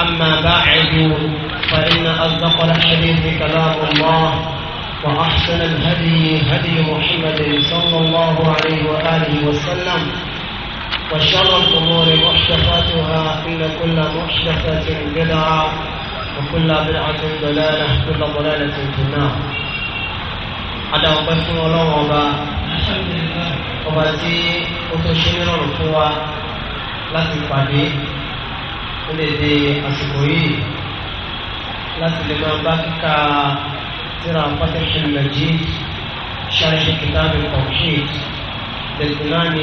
أما بعد فإن أصدق الحديث كلام الله وأحسن الهدي هدي محمد صلى الله عليه وآله وسلم وشر الأمور محدثاتها إن كل محدثة بدعة وكل بدعة ضلالة كل ضلالة في النار ada ọpẹ́ fún Ọlọ́run ọba ọba tí ó tó ṣe nírọ̀rùn fún ó lè dé àsìkò yìí láti lè máa bá kíka síra Fathul Majid sharh kitab tawhid للإمام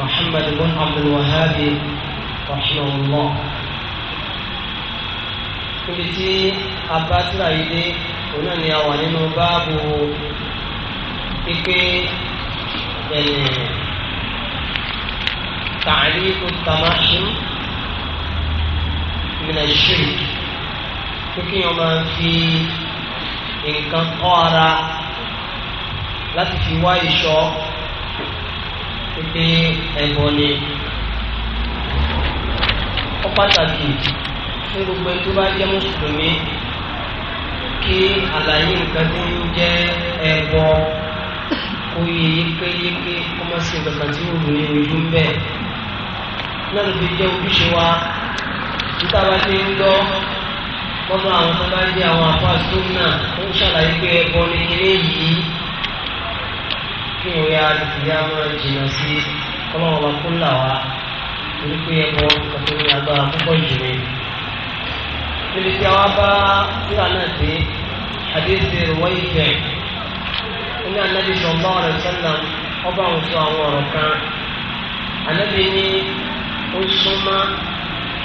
محمد بن عبد الوهاب رحمه الله níbi tí abátúrà yìí dé òun náà ni a wà nínú báàbù pípé tààrí kò tàmáṣú min ash-shirk pé kí wọ́n máa fi nǹkan kọ́ ara láti fi wá ìṣọ́ pé ẹ̀bọ ni ó pàtàkì fún gbogbo ẹni tó bá jẹ́ mùsùlùmí kí àlàyé nǹkan tó ń jẹ́ ẹ̀bọ kó yẹ yékéyéké kó má sí nǹkan tí ó lò ní ojú ń náà ló fi jẹ́ ojúṣe wa níta bá ti ń lọ lọ́dọ̀ àwọn tó bá jẹ́ àwọn àpá súnà ó ń ṣàlàyé pé ẹbọ ní kéré yìí kí wọ́n yá ìyá máa jìnnà sí ọlọ́run ọba kó là wá torí pé ẹbọ kàtó ní agbára púpọ̀ jù ní. níbi tí àwa bá síra náà dé àdéhùn ìwọ́ ìfẹ́ ní anabi sọ̀lá ọ̀rẹ́ sẹ́lá ọba àwọn sọ àwọn ọ̀rọ̀ kan anabi ní ó súnmọ́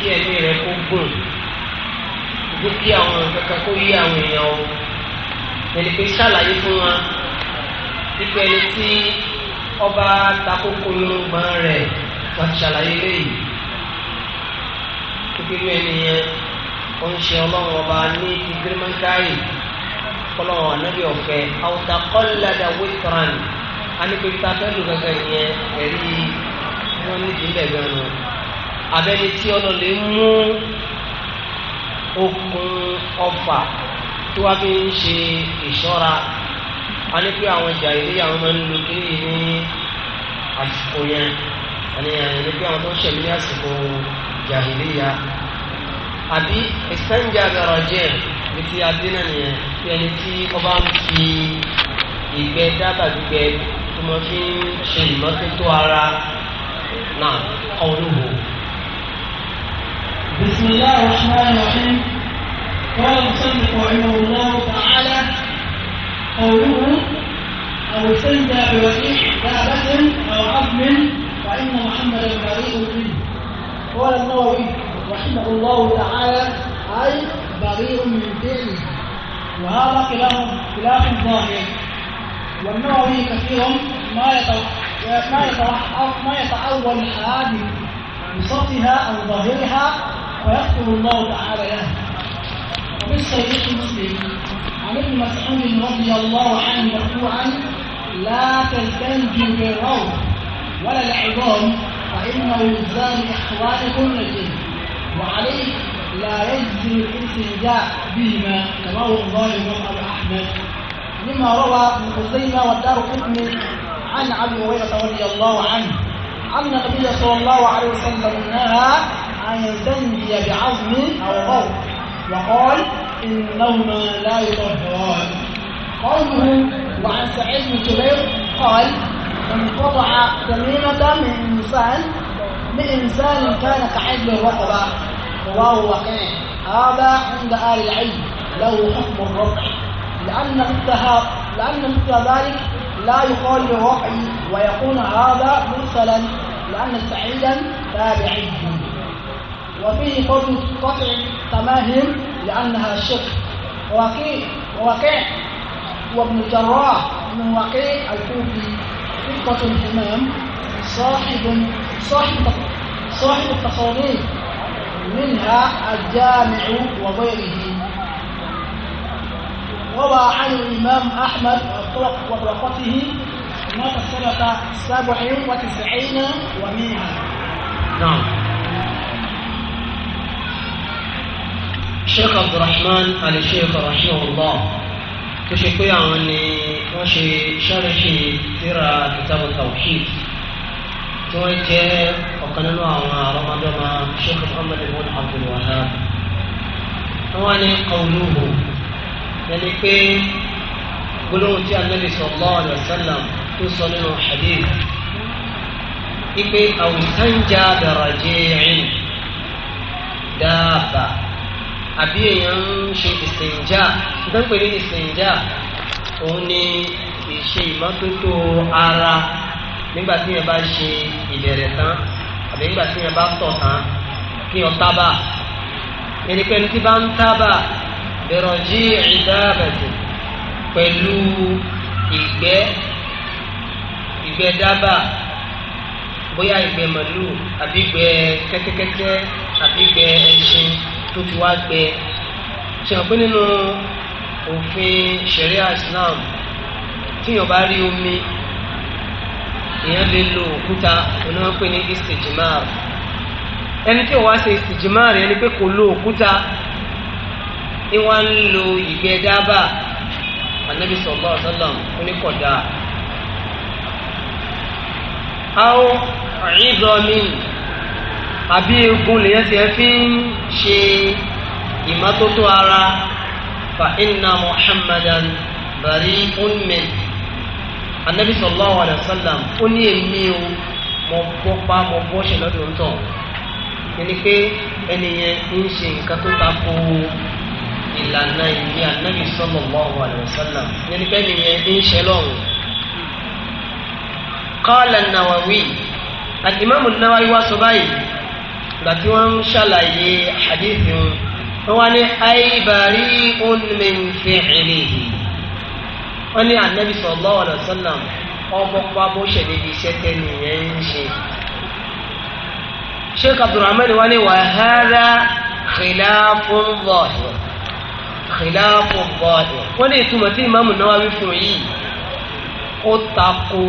kí ẹ̀mí rẹ̀ kó gùn kó kí àwọn kankan kó yí àwọn èèyàn o ẹni pé ṣàlàyé fún wa wípé ẹni tí ọba takókó yorùbá rẹ̀ wọ́n ti ṣàlàyé léyìí kékeré ẹni yẹn ó ń ṣe ọlọ́run ọba ní ti gírímọ́ńkáyì kọlọ́run ànábì ọ̀fẹ́ àwùtakọ́lẹ́dà wíkran á ní pé tá a fẹ́ lù gẹ́gẹ́ yẹn ẹ̀rí wọn nídìí bẹ́ẹ̀ gan-an abẹ́ni tí ọ̀nà lè mú okùn ọfà tó wá fi ń ṣe ìṣọ́ra a ní pé àwọn ìjà ìlú àwọn máa ń lo kiri ní àsìkò yẹn àní àyàn ní pé àwọn tó ń ṣẹ̀lú ní àsìkò ìjà ìlú ya àbí ìsẹ́njà bẹ̀rọ̀ jẹ́ ní ti adínà nìyẹn tí ẹni tí ọba ń fi ìgbẹ́ dábàdúgbẹ́ tó máa fi ń ṣe ìmọ́tótó ara náà ọ̀rùn wò. بسم الله الرحمن الرحيم قال المصنف رحمه الله تعالى قوله أو استمتع بوجيه دابة أو عظم فإن محمدا بريء منه قال النووي رحمه الله تعالى أي بريء من فعله وهذا خلاف خلاف ظاهر والنووي كثير ما يتوحد ما يتعول هذه بصوتها أو ظاهرها ويخطب الله تعالى لها وفي صحيح مسلم عن ابن مسعود رضي الله عنه مرفوعا لا تستنجوا بالروض ولا العظام فإنه يزال إخوانكم للجن وعليه لا يجزي الاستهزاء بهما كما هو الظالم ابو أحمد مما روى ابن خزيمة والدار قطني عن عبد هريرة رضي الله عنه أن النبي صلى الله عليه وسلم نهى أن تندي بعظم أو غوط وقال إنهما لا يطهران قوله وعن سعيد بن جبير قال من قطع تميمة من إنسان من إنسان كان كعجل الرقبة رواه وقيع هذا عند آل العلم له حكم الرفع لأن مثل لأن مثل ذلك لا يقال بوحي ويكون هذا مرسلا لأن سعيدا تابعي وفيه فضل قطع تماهم لأنها شق وقيع وقيع وابن جراح من وقيع الكوفي ثقة الإمام صاحب صاحب صاحب التصانيف منها الجامع وغيره روى عن الإمام أحمد الطرق وطرقته مات سنة سبع وتسعين ومئة نعم الشيخ عبد الرحمن على شيخ رحمه الله كشكوية عني ماشي شرحي ترى كتاب التوحيد tí wọ́n jẹ́ ọ̀kan nínú àwọn àrọ́mọdọ́mọ sheikh الوهاب ibn abdul wahab wọ́n ní yẹni pé gbólóhùn tí anabi sallallahu alaihi wasallam tó sọ nínú hadith ipe àwùsánjà dàrájẹ ẹ̀yìn dáàbà àbí èèyàn ń ṣe ìsìnjà ìdánpẹ̀ ní ìsìnjà òun ni ìṣe ìmọ́tótó ara nígbà tí yẹn bá ṣe ìbẹ̀rẹ̀ tán àbí nígbà tí yẹn bá tọ̀ tán kí yẹn tábà ẹni pé ẹni tí bá ń tábà bẹ̀rọ̀jì ìdáàbẹ̀tì pẹ̀lú ìgbẹ́ ìgbẹ́ dábàá bóyá ìgbẹ́ màlúù àbí ìgbẹ́ kẹ́kẹ́kẹ́kẹ́ àbí ìgbẹ́ ẹṣin tó ti wá gbẹ ṣèwọ̀n pé nínú òfin sharia islam tíyàn bá rí omi èèyàn lè lo òkúta oníwọ̀n pé ní istijmar ẹni tí ò wá ṣe istijmar ẹni pé kò lo òkúta ìwọ́n ń lo ìgbẹ́ dábà anabi sallallahu alaihi wasallam oníkọ̀dá àwọn ìzọmi àbí egun lèyàn ti fi ń ṣe ìmọ́tótó ara fa inna muhammadan bari'un unmi, anabi sallallahu alaihi wasallam ó ní èmi o mo bọ́ pa mo bọ́ ṣe lọ́dún tó ní pé ẹnìyẹn ń ṣe nǹkan tó ta kó o ìlànà ìní ànábì sallallahu alaihi wasallam nínú pẹ́ nìyẹn ń ṣe lọ́rùn. qala an-Nawawi al-Imam an-Nawawi wá sọ báyìí ìgbà tí wọ́n ń ṣàlàyé hadithi wọn wọ́n ní ay bari'un min fi'lihi wọ́n ní ànábì sallallahu alaihi wasallam ọmọ pa bó ṣe níbi iṣẹ́ tẹ́lẹ̀ yẹn ń ṣe. sheikh abdulrahman wọ́n wa hadha khilafun zahir. khilafu zahir wọ́n ní ìtumọ̀ tí ìmáàmù Nawawi fún yìí ó tako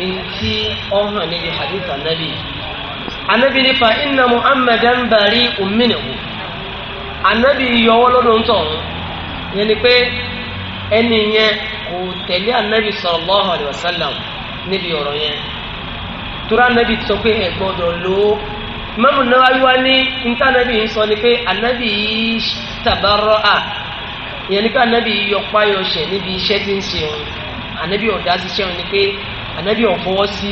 ntí ọ̀hún níbi hadith anabi anabi nípa inna muhammadan bari'un minhu anabi yọwọ́ lọ́dọ̀ ń yẹn ni pé ẹni yẹn kò tẹ̀lé anabi sallallahu alaihi níbi ọ̀rọ̀ yẹn tura anabi sọ pé ìmáàmù Nawawi wá ní níta anábì ń sọ ni pé anábì yìí tàbárọ́ à ìyẹn ni pé anábì yìí yọpá yọṣẹ níbi iṣẹ́ tí ń ṣe òun anábì ọ̀dá sí iṣẹ́ òun ni pé anábì ọ̀fọwọ́ sí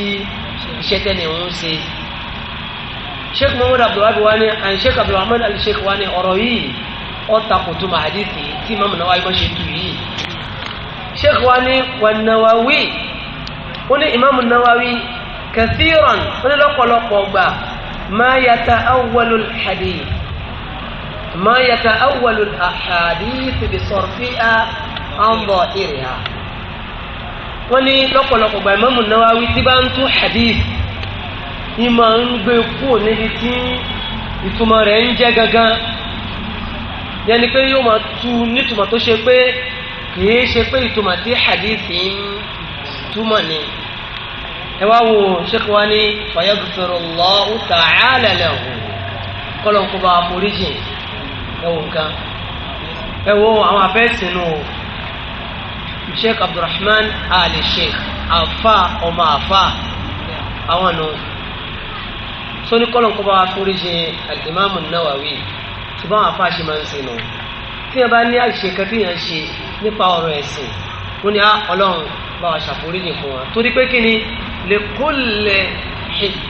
iṣẹ́ tẹ́lẹ̀ òun ṣe. sheikh muhammad abdulwahab wá ní and sheikh abdulrahman ali sheikh wá ní ọ̀rọ̀ yìí ọ̀ta kò tó máa dé tì tí ìmáàmù Nawawi bá ṣe tù yìí. sheikh wá ní wà Nawawi ní ìmáàmù Nawawi kathiran ó ما يتأول الحديث ما يتأول الأحاديث بصرفها عن ظاهرها wọ́n ní lọ́pọ̀lọpọ̀ gba Imamu Nawawi tí bá ń tún hadith ní máa ń gbé kúrò níbi tí ìtumọ̀ rẹ̀ ń jẹ́ gangan yẹni pé yóò máa tu nítumọ̀ tó ṣe pé kìí ṣe pé ìtumọ̀ tí hadith ń túmọ̀ ni ẹ wá wo sheikh wa ní fayaghfirullahu ta'ala lahu kọ́lọ̀ kó bá foríjì ẹ wò nǹkan ẹ wo àwọn afẹ́sìnú sheikh abdulrahman ali sheikh afa ọmọ afa àwọn nù sóní kọ́lọ̀ kó bá foríjì al-imamu nawawi tí bá wọn afa ṣe máa ń sinú tí yẹn bá ní àṣìṣe kan ń ṣe nípa ọ̀rọ̀ ẹ̀sìn wọn ni ah, ọlọ́run bá wa ṣàforíjì fún wa torí pé kí ni. لكل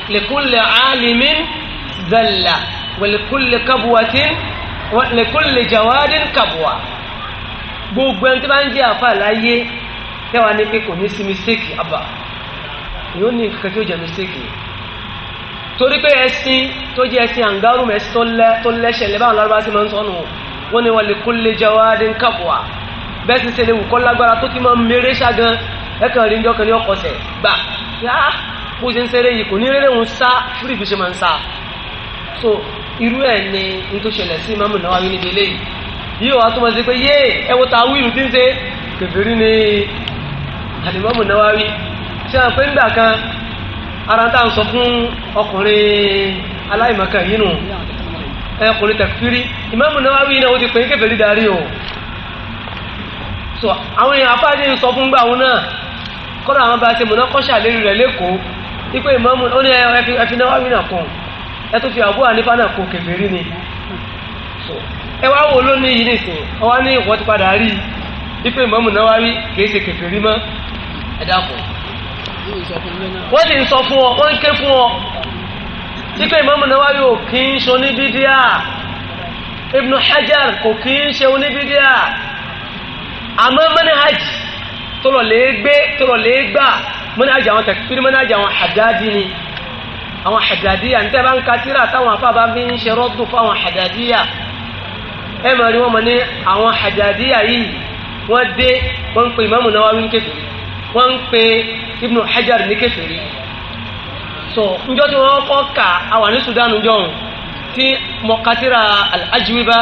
لكل عالم زلة ولكل كبوة ولكل جواد كبوة gbogbo ẹni tí bá ń jẹ́ àfa láyé tẹ́wàá ní pé kò ní sí mistake àbá yóò ní nǹkan tí ó jẹ́ mistake torí pé ẹ̀sìn tó jẹ́ ẹ̀sìn àǹgárùn ẹ̀sìn tó lẹ́sẹ̀ lẹ́bàá lọ́rọ́ bá sí máa ń sọnù wọ́n ní ولكل جواد كبوة lè wù kọ́ lágbára pé á bó ṣe ń ṣeré yìí kò ní rere òun sá fúrì bí ṣe máa ń sá so irú ẹ̀ ni n tó ṣẹlẹ̀ sí Imam Nawawi níbi eléyìí yìí wàá tó máa ṣe pé yé ẹ wo ta wíìlù tí ń ṣe kèfèrí ni àdìmọ́mù Nawawi ṣe hàn pé ńgbà kan ara tá à ń sọ fún ọkùnrin aláìmọ̀kan yìí nù ẹkùnrin tẹ̀kírí Imam Nawawi náà ó ti pè é kèfèrí darí o so àwọn èèyàn afáàdé ń sọ fún kọ́dọ̀ àwọn bá ṣe múná kọ́ṣà lérí rẹ̀ lẹ́kọ̀ọ́ wípé ìmọ̀mù ó ní ẹfi náwó àwìnà kan ẹ tó fi àbúrò ànífà náà kó kèfèrí ni ẹ wá wo ló ní yìí nìsín ọwá ní ìwọ ti padà rí wípé ìmọ̀mù náwó àwí kìí ṣe kèfèrí mọ́ ẹ dákun wọ́n ti ń sọ fún ọ wọ́n ń ké fún ọ wípé ìmọ̀mù náwó àwí ò kí ń ṣe oníbídíà Ibn Hajar kò kí ń ṣe oníbídíà àmọ́ manhaj tọrọ lè gbé tọrọ lè gbà manhaj àwọn takfiri manhaj àwọn hadadi ni àwọn hadadiya níta bá ń ka tíra táwọn afá bá fi ń ṣe rọ́dù fáwọn hadadiya ẹ mọ̀ ní wọ́n mọ̀ ní àwọn hadadiya yìí wọ́n dé wọ́n pe Imamu Nawawi ní kèfèrí wọ́n ń pe Ibnu Hajar ní kèfèrí so njọ́ tí wọ́n kọ́ ka àwà ní Sudan jọ̀hún tí mọ̀kátìrà al-ajwiba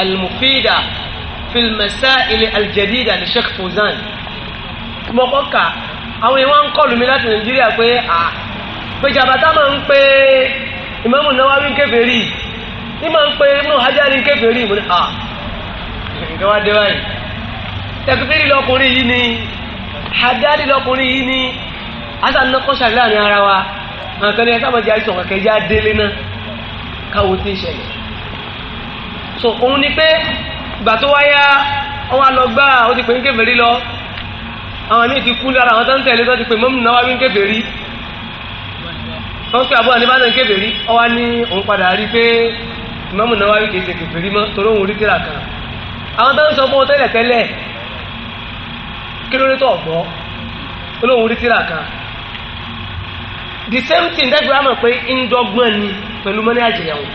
al-mufida fil masail al-jadida ní Sheikh Fawzan mọ̀kọ́ kà àwọn èèyàn wọn ń kọlù mi láti nàìjíríà pé à pé jàbátá máa ń pé ìmáàmù Nawawi kèfèrí ní máa ń pé inú Hajari kèfèrí mo ní à nǹkan wá dé báyìí tẹkítírì lọkùnrin yìí ni Hajari lọkùnrin yìí ni asanakọ́sàrí láàrin ara wa nǹkan ní ẹ sábà jẹ́ àìsàn kẹ̀kẹ́ já délé náà káwo tí ń ṣẹlẹ̀ so òun ni pé ìgbà tó wáyá wọn wá ó ti pè ń kèfèrí lọ àwọn ilé ti kú lára àwọn tó ń tẹ̀lé tó ti pè mọ́mù náà wá wí ń kébè rí wọ́n pè àbúrò àníbàdàn ń kébè rí ọ wá ní òun padà rí pé mọ́mù náà wá wí kìí kébè rí mọ́ torí òun rí tíra kan àwọn tó sọ fún ọ tẹ́lẹ̀ tẹ́lẹ̀ kí ló rí tó ọ̀gbọ́ olóhùn rí kan the same thing dẹ́gbẹ́ àmọ̀ pé ń dọ́gbọ́n ni pẹ̀lú mọ́ní àjẹyàwó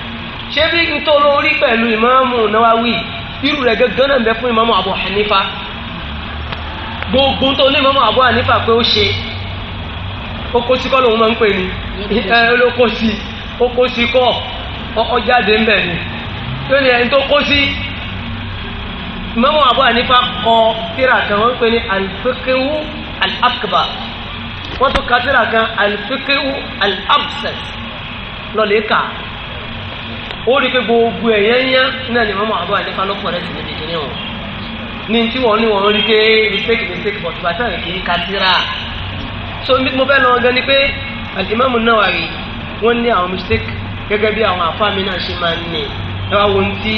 ṣé bí n tó olórí pẹ̀lú Ìmámù Nawawi irú rẹ̀ gẹ́gẹ́ náà bẹ fún Ìmámù Abu Hanifa gbogbo tó lè mọ́mọ́ àbúrò ànífà pé ó ṣe oko sí kọ́ lòun máa ń pè ní ẹ olóko sí oko sí kọ́ ọjáde ń bẹ̀ ni yóò ní ẹni tó kó sí mọ́mọ́ àbúrò ànífà kọ tíra kan wọ́n ń pè ní alifikiru alakba wọ́n tún ka tíra kan alifikiru alabsat lọ́lẹ̀ kà ó rí i pé gbogbo ẹ̀yẹ́ ń yá náà ni mọ́mọ́ àbúrò ànífà lọ́pọ̀ rẹ̀ sì níbi ìdílé wọn ní tí wọ́n ní wọ́n rí pé mistake mistake but bàtà rẹ̀ kì í katira so mo fẹ́ lọ gan ni pé alimami Nawawi wọ́n ní àwọn mistake gẹ́gẹ́ bí àwọn àfáàmì náà ṣe máa ń ní ẹ wá wo ní tí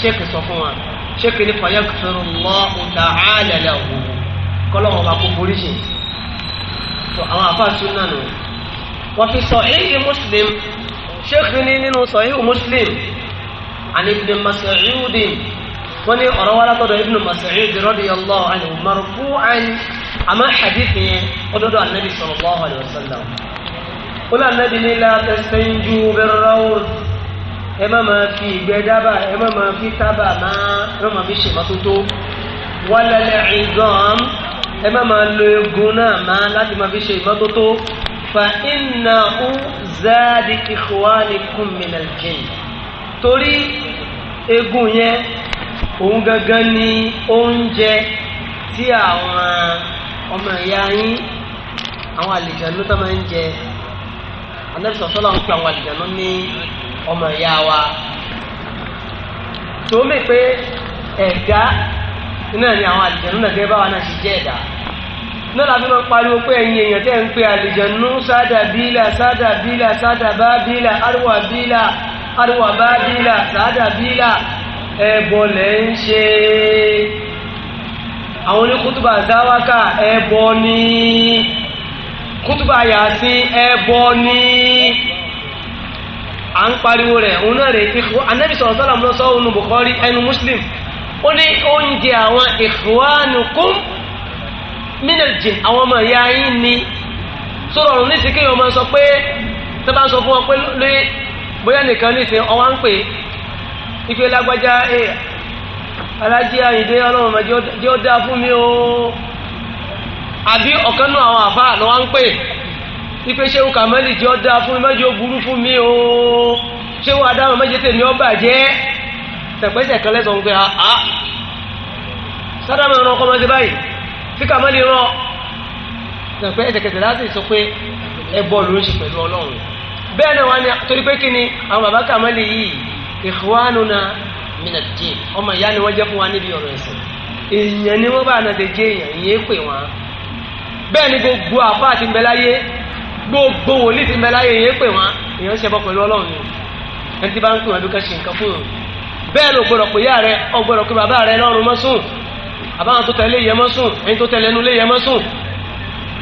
sheikh sọ fún wa sheikh ní fayaghfirullahu ta'ala lahu kọ́lọ́wọ́n bá kó foríṣì so àwọn àfáàsù náà nù wọ́n fi sahihi Muslim sheikh ní nínú sahihi Muslim an ibn Mas'ud wọ́n ní ọ̀rọ̀ wa látọ̀dọ̀ ibn Mas'ud radiyallahu anhu marfu'an àmọ́ hadith yẹn ọdọ́dọ̀ anabi sallallahu alaihi wasallam wọ́n anabi ní la tastanju bir-rawd ẹ má máa fi ìgbẹ́ dábà ẹ má máa fi tábà máa ẹ má máa fi ṣèmọ́tótó wala al-'idham lo egun náà máa láti máa fi ṣe ìmọ́tótó fa innahu zadi ikhwanikum min al-jinn torí egun yẹn òun gangan ni oúnjẹ tí àwọn ọmọ ìyá yín àwọn àlìjànú tó máa ń jẹ anẹ́sọ̀ sọ́lá ń àwọn ní ọmọ ìyá wa To pé ẹ̀dá náà ni àwọn àlìjànú náà gẹ́gẹ́ báwa náà ṣe jẹ́ ẹ̀dá náà làbí pariwo pé ẹ̀yin èèyàn tẹ́ ń pe àlìjànú sádà bílà sádà bílà sádà bá bílà arúwà bílà arúwà bá bílà ẹbọ lẹ ń ṣe àwọn oníkútùbà záwákà ẹbọ ní kútùbà yàsí ẹbọ ní à ń pariwo rẹ̀ òun náà rẹ̀ ìfò anábì sọ̀rọ̀ sọ́là mọ́ sọ́ òun Bukhari ẹnu Muslim ó ní oúnjẹ àwọn ikhwanukum minal jinn àwọn ọmọ ìyá yín ni sọ̀rọ̀ ọ̀run nísìkè ọmọ sọ pé tẹ́ bá sọ fún wọn pé lóye bóyá nìkan nísìnyí ọwọ́ ń pè ife lágbájá ẹ eh, alájí àyíndé ọlọ́run mọ̀ jẹ́ ó dáa fún mi o àbí ọ̀kan náà àwọn àfa àná wa ń pè ife ṣé ń kàmẹ́lì jẹ́ ó dáa fún mi mẹ́jọ burú fún mi o ṣé wọ́n adáhùn mẹ́jẹ tèmi ó bàjẹ́ tẹ̀pẹ́sẹ̀ kan lẹ́sọ̀ ń pè á ah, á ah. sádàmù ìran ọkọ̀ mọ́tẹ́ báyìí tí kàmẹ́lì rán tẹ̀pẹ́ ẹ̀sẹ̀kẹsẹ̀ láti sọ pé ẹbọ ló ń ṣe pẹ̀lú ọlọ́run bẹ́ẹ̀ náà wá ní torí pé kí ni àwọn bàbá kàmẹ́lì yìí ikhwanuna min ad-din ọmọ ìyá ni wọ́n jẹ́ fún wa níbi ọ̀rọ̀ ẹ̀sìn èèyàn ni wọ́n bá ànàdè jẹ́ èèyàn ìyẹn pè wọ́n bẹ́ẹ̀ ni gbogbo àfa àti mbẹ́láyé gbogbo wòlíì ti mbẹ́láyé ìyẹn pè wọ́n èèyàn ṣẹbọ pẹ̀lú ọlọ́run ni ẹni tí bá ń pè wọ́n bí ká ṣe nǹkan fún un bẹ́ẹ̀ ló gbọ́dọ̀ pé yá rẹ ọ gbọ́dọ̀ pé bàbá rẹ lọ́rùn mọ́ sùn àbáwọn tó tẹ̀lé yẹ mọ́ sùn ẹni tó tẹ̀lé ẹnu lé yẹ mọ́ sùn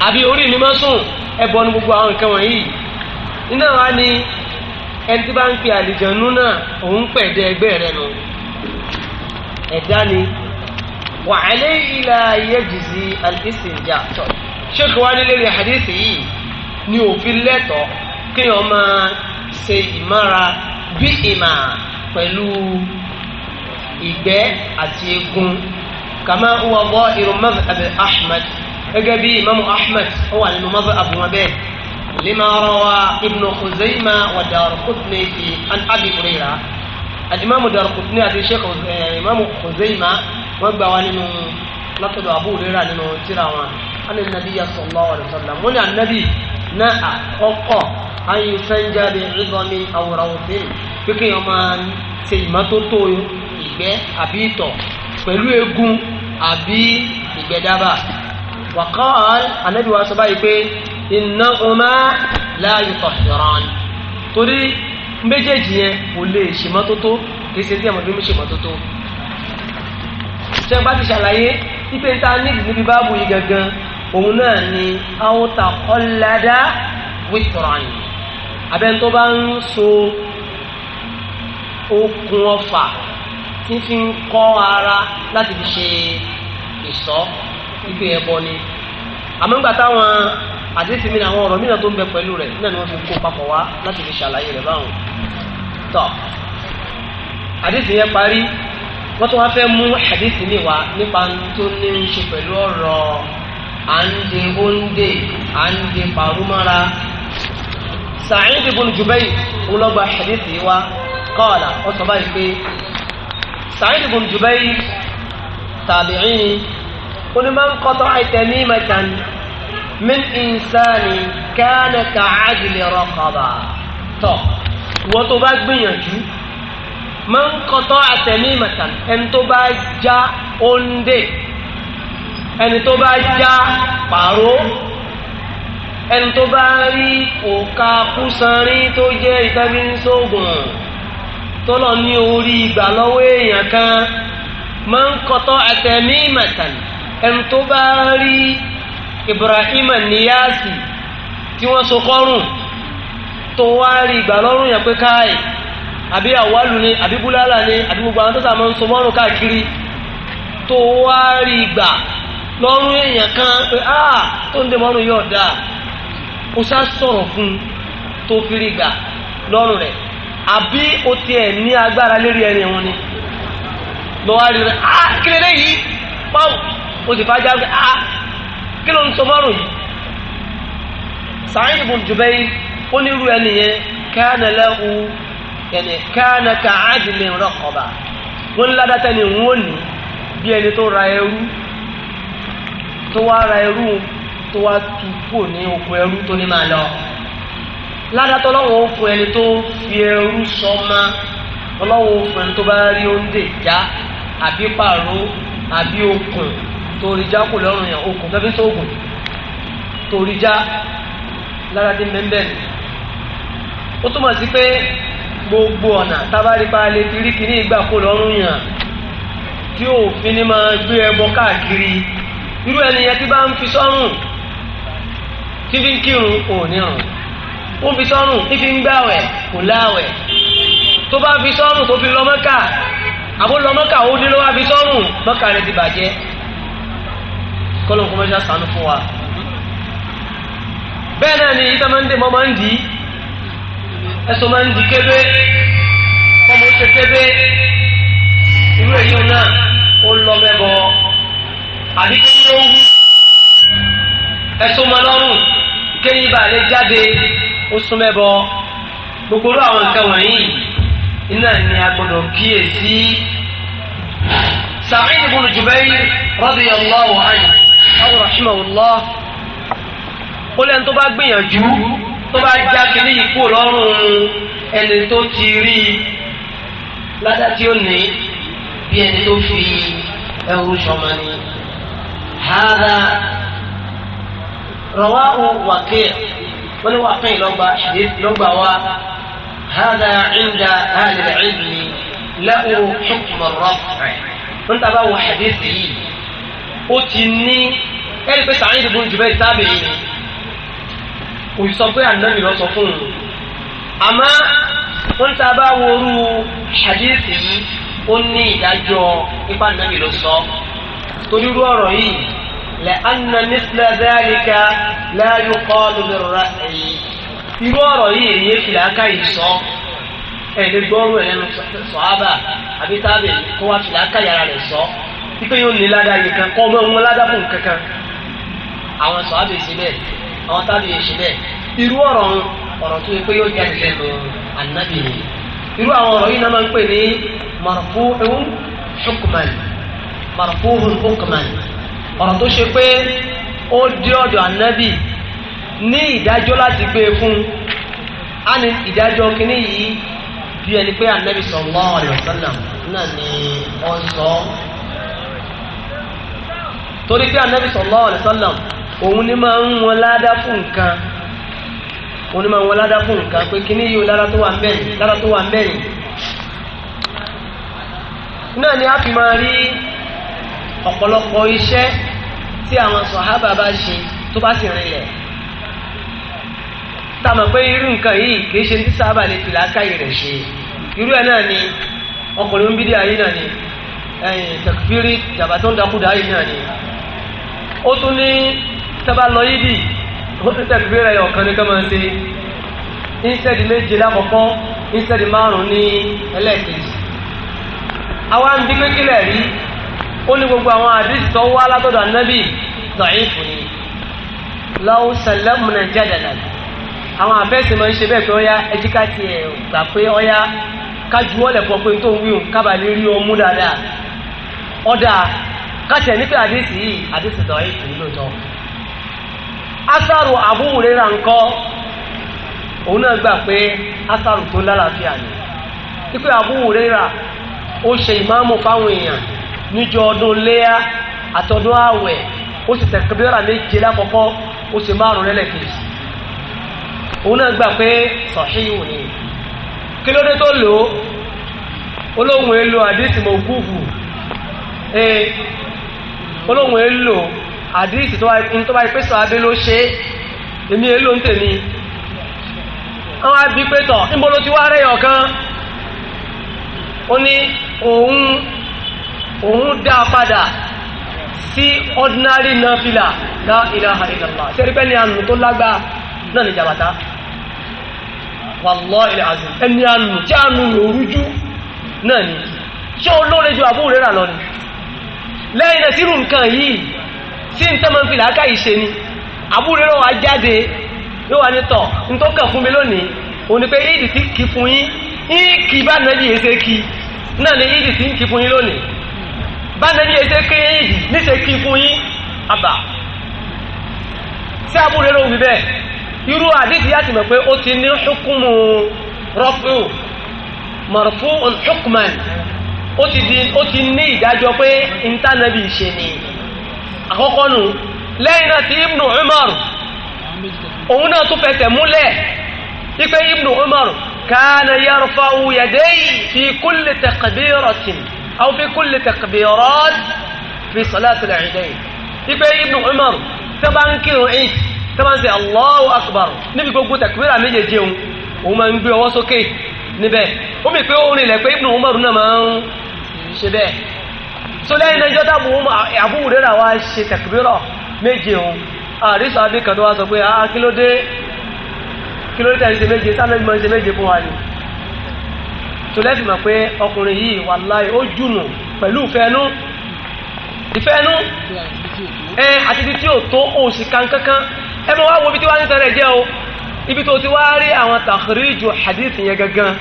àbí orí mi mọ́ sùn ẹbọ ni gbogbo àwọn nǹkan wọ̀nyí iná wa ni ẹni tí bá ń pe àlìjànú náà òun pẹ̀dẹ ẹgbẹ́ rẹ nù ẹ̀dá ni wàhálẹ́ ìlà yẹ́jìsì àlìsìnjà tọ̀ ṣéèkì wá nílé rẹ̀ àdéhìsì yìí ni òfin lẹ́tọ̀ọ́ kéèyàn máa ṣe ìmára bí ìmà pẹ̀lú ìgbẹ́ àti egun kàmá wọ́n bọ́ irun mazhab Ahmad gẹ́gẹ́ bí Imam Ahmad ó wà nínú mazhab wọn لما روى ابن خزيمة ودارقطني في عن أبي هريرة الإمام دارقطني أتي شيخ الإمام خزيمة وقبوا لنو لقد أبو هريرة لنو تراوان أن النبي صلى الله عليه وسلم ولي النبي ناء أقى أن يسنجى بعظم أو روث فكي يومان سيمتو ìgbẹ́ àbí ìtọ̀ pẹ̀lú egun àbí ìgbẹ́dábà wàkọ́ anábìwá sọ báyìí pé innahuma la yutahhiran torí méjèèjì yẹn kò lè ṣèmọ́tótó kì í ṣe tí ẹ̀mọ́ bí mo ṣèmọ́tótó ṣe bá ti ṣàlàyé ipe ta níbi níbi báàbù yìí gangan òun náà ni àwòtà ọ̀làdá wìtọ̀ràn abẹ́ni tó bá ń so okùn ọfà tí fi ń kọ́ ara láti fi ṣe ìsọ́ ipe ẹ̀bọ ni àmọ́ ńgbà táwọn àdéhùn mi àwọn ọ̀rọ̀ mìíràn tó ń bẹ pẹ̀lú rẹ̀ náà ni wọ́n fi kó papọ̀ wá láti fi ṣàlàyé rẹ̀ báwọn. tọ́ àdéhùn yẹn parí wọ́n tún wá fẹ́ mú àdéhùn mi wá nípa tó ní í ṣe pẹ̀lú ọ̀rọ̀ à ń de oúnjẹ à ń de pàrọ́mọ́ra. Sa'id ibn Jubayr ńlọgba àdéhùn yìí wá qala ó sọ báyìí pé Sa'id ibn Jubayr tabi'in onímọ̀ ń kọ́tọ́ àìtẹ̀mí mẹ́ta ni min insani kana ka ajli raqaba tọ́ wọ́n tó bá gbìyànjú máa ń kọ́tọ́ àtẹ̀mí màtàn ẹni tó bá já ondé ẹni tó bá já pàró ẹni tó bá rí òka kúsanrí tó jẹ́ ìtẹ́bíníṣògùn tó lọ ní orí ìgbà lọ́wọ́ èèyàn kan máa ń kọ́tọ́ àtẹ̀mí màtàn ẹni tó bá rí ibrahim niyasi tí wọ́n so kọ́rùn tó wá rí ìgbà lọ́rùn yẹn pé káì àbí àwálù ni àbí búlálà ni àbí gbogbo àwọn tó sàmọ́ ń so mọ́rùn káàkiri tó wá rí ìgbà lọ́rùn èèyàn kan pé á ah, tó ń dè mọ́rùn yóò dà ó sá sọ̀rọ̀ fún tó fi rí ìgbà lọ́rùn rẹ̀ àbí o tiẹ̀ ní agbára lérí ẹni wọn ni lọ́wọ́ rí rẹ̀ á ah, kílẹ̀ lẹ́yìn pọ́ùn o sì fàájà pé á ah, kí ló ń so márùn yìí Sa'id ibn Jubayr ó ní irú ẹni yẹn kana lahu yẹni kana ka'adli raqaba wọn ládàtà ni wọn ní bí ẹni tó ra ẹrú tó wá ra ẹrú tó wá tu kò ní oko ẹrú tó ní máa lọ ládàtà ọlọ́wọ́ fún ẹni tó fi ẹrú sọ́mà ọlọ́wọ́ fún ẹni tó bá rí oúnjẹ já àbí pààrọ̀ àbí okùn torí já kò lọ́rùn yàn okùn tó fi ń sóògùn torí já lára tí ń bẹ́ẹ̀ bẹ́ẹ̀ ó túmọ̀ sí pé gbogbo ọ̀nà tábàrípa lè fi rí kíní ìgbà kò lọ́rùn yàn tí òfin ni máa gbé ẹbọ káàkiri irú ẹnìyẹn tí bá ń fi sọ́rùn tí fi ń kírun kò ní rùn ó fi sọ́rùn tí ń gbàwẹ̀ kò láwẹ̀ tó bá fi sọ́rùn tó fi lọ Mẹ́kà àbó lọ Mẹ́kà ó dé ló wá sọ́rùn Mẹ́kà rẹ̀ ti bàjẹ́ kọ́lọ́n kọ́mọ́ ṣá sànú fún wa bẹ́ẹ̀ náà ni ìta máa ń dè mọ́ máa ń dì í ẹ̀sọ́ máa ń dì kébé ọmọ ó ṣe kébé irú èyí náà ó lọ mẹ́bọ àdíkú ló ń wú ẹ̀sọ́ máa lọ́rùn kéyìn bá lè jáde ó sún mẹ́bọ gbogbo orú àwọn nǹkan wọ̀nyí iná ni a gbọ́dọ̀ kíyèsí Sa'id ibn Jubayr radiyallahu anhu aw rahimahullah ó lẹ́nu tó bá gbìyànjú tó bá já kínní yìí kúrò lọ́rùn ẹni tó ti rí i ládàá tí ó ní bí ẹni tó fi ẹrú sọmọ ni. hàdà rọwá wàkẹ́ wọ́n ní wàkẹ́ lọ́gbà wa hàdà ìndà àlẹ́ ìlú lẹ́hùn ṣùkùmọ̀ rọ́pù. wọ́n tábà wọ hadith yìí ó ti ní ẹ̀rí pé sàárín ìdìbò jù bẹ́ẹ̀ sábẹ̀ yìí kò sọ pé ànábì lọ sọ fún un àmọ́ wọ́n ta bá worú hadisi yìí ó ní ìdájọ́ ipá ànábì lọ sọ torí irú ọ̀rọ̀ yìí lẹ́ anna mithla dhalika la yuqalu bir-ra'yi irú ọ̀rọ̀ yìí èyí fìlà ká yìí sọ ẹ̀ẹ́dẹ́gbọ́rún ẹ̀ lẹ́nu sọ̀hábà àbí tábìlì kó wá fìlà ká yàrá rẹ̀ sọ sí pé yóò ní ládàá yìí kan kọ́ ọmọ òun ládàá fún kankan àwọn sọ̀hábì ṣe bẹ́ẹ̀ àwọn tábì ṣe bẹ́ẹ̀ irú ọ̀rọ̀ ọ̀rọ̀ tó yẹ pé yóò jáde lẹ́nu ànábì yìí irú àwọn ọ̀rọ̀ yìí náà máa ń pè ní marfu'un hukman marfu'un hukman ọ̀rọ̀ tó ṣe pé ó dé ọ̀dọ̀ ànábì ní ìdájọ́ láti gbé e fún a ní ìdájọ́ kínní yìí bí ẹni pé ànábì sallallahu alaihi wasallam náà ni wọ́n sọ torí pé anabi sallallahu alaihi wasallam òun ni máa ń wọn ládá fún nǹkan òun ni máa ń wọn ládá fún nǹkan pé kíní yìí lára tó wà mẹ́rin lára tó wà mẹ́rin náà ni a fi máa rí ọ̀pọ̀lọpọ̀ iṣẹ́ tí àwọn sọ̀hábà bá ṣe tó bá sì rinlẹ̀ tá a mọ̀ pé irú nǹkan yìí kì í ṣe tí sábà lè fi làákàyè rẹ̀ ṣe irú ẹ̀ náà ni ọkùnrin ń bídí ayé náà ni ẹ̀yìn tẹ̀kífírí jàbá tó ń dakúdà ayé náà ni ó tún ní tẹ́bá lọ yídì ó tún tẹ̀lé gbé rẹ̀ ọ̀kan ní kọ́mọ ṣe ínsẹ́ẹ̀dì méje lákọ̀ọ́kọ́ ínsẹ́ẹ̀dì márùn-ún ní ẹlẹ́ẹ̀kejì àwa ń bí pékélẹ̀ rí ó ní gbogbo àwọn àdìsí wá látọ̀dọ̀ ànábì dọ̀yìnfù ni lọ́wọ́ sẹlẹ̀mù náà jáde dàdà àwọn àfẹ́sì máa ń ṣe bẹ́ẹ̀ pé ọya ẹjíká ti ẹ̀ gbà pé ọya kájú ọ̀lẹ̀ pọ̀ pé tó ń wíwùn káṣẹ̀ ní pé àdéṣì yìí àdéṣì tọ́ ayé ìlú lóòótọ́ asaru Abu Hurairah ńkọ́ òun náà gbà pé asaru tó lálàáfíà ni wípé Abu Hurairah ó ṣe ìmáàmù fáwọn èèyàn níjọ ọdún léyà àtọdún ààwẹ̀ ó sì tẹ̀kẹ́bíọ́rà méje lákọ̀ọ́kọ́ ó sì márùn lẹ́lẹ́kejì òun náà gbà pé sọ̀ṣíwò ni kí ló dé tó lò ó olóhùn èlò àdéṣì mọ̀ òkúùfù olóhùn èlò àdírísì tó bá pé sàábé ló ṣe èmi èlò ń tèmi wọ́n á bí pé tọ̀ níbo ló ti wá rẹ̀ ọ̀kan ó ní òun òun dá padà sí ordinary nafila la ilaha illallah sẹ́rí pẹ́ ní ànú tó lágbá náà ní jàbàtà wallahi alazim ẹni ànú tí ànú yòó náà ni ṣé olóore ju àbúrò rẹ̀ rà lọ ni lẹ́yìn náà sírù nǹkan yìí sí ń tẹ́ mọ́ fi làákà yìí ṣe ni àbúrò rẹ̀ wá jáde yóò wá ní tọ̀ ní tó kàn fún mi lónìí òun ni pé éèdì tí kì fún yín yín kì bá nàbí èsè kì náà ni éèdì tí kì fún yín lónìí bá nàbí èsè kì éèdì níṣe kì fún yín àbà sí àbúrò rẹ̀ wí bẹ́ẹ̀ irú àdéhìí àti mọ̀ pé ó ti ní hukumu rọ́pù mọ̀rọ̀fù ọ̀n ó ti di ó ti ní ìdájọ́ pé intanẹ́bì ṣe ni àkọ́kọ́ nù lẹ́yìn náà ti ibnu umar òun náà tún fẹsẹ̀ múlẹ̀ ipe ibnu umar kana yarfa'u yadayhi fi kulli takbiratin aw fi kulli takbirat fi salati al-idayn ipe ibnu umar tó bá ń kírun eid tó bá ń ṣe allahu akbar níbi gbogbo takbira méjèèjì òun òun máa ń gbé ọwọ́ sókè níbẹ̀ ó mi pé ó rìnlẹ̀ pé ibnu umar náà máa ń ṣe bẹ́ẹ̀ so lẹ́yìn náà ìjọba àbúrò àbúrò rẹ̀ wá ṣe tẹ̀kùbírọ̀ méje òun àríṣà bí kan tó wá sọ pé ah, a kílódé kílódé tẹ̀lé ṣe méje sálẹ̀ mọ́ ṣe méje fún wa ni so lẹ́sìn mọ̀ pé ọkùnrin yìí wàláhì ó jùnù pẹ̀lú ìfẹ́nu ìfẹ́nu ẹ àti ibi tí ò tó òsì kankankan ẹ mọ̀ wá wo ibi tí wá ń tẹ̀rẹ̀ jẹ́ o ibi tó ti wá rí àwọn tàkìrí ju hadith yẹn gangan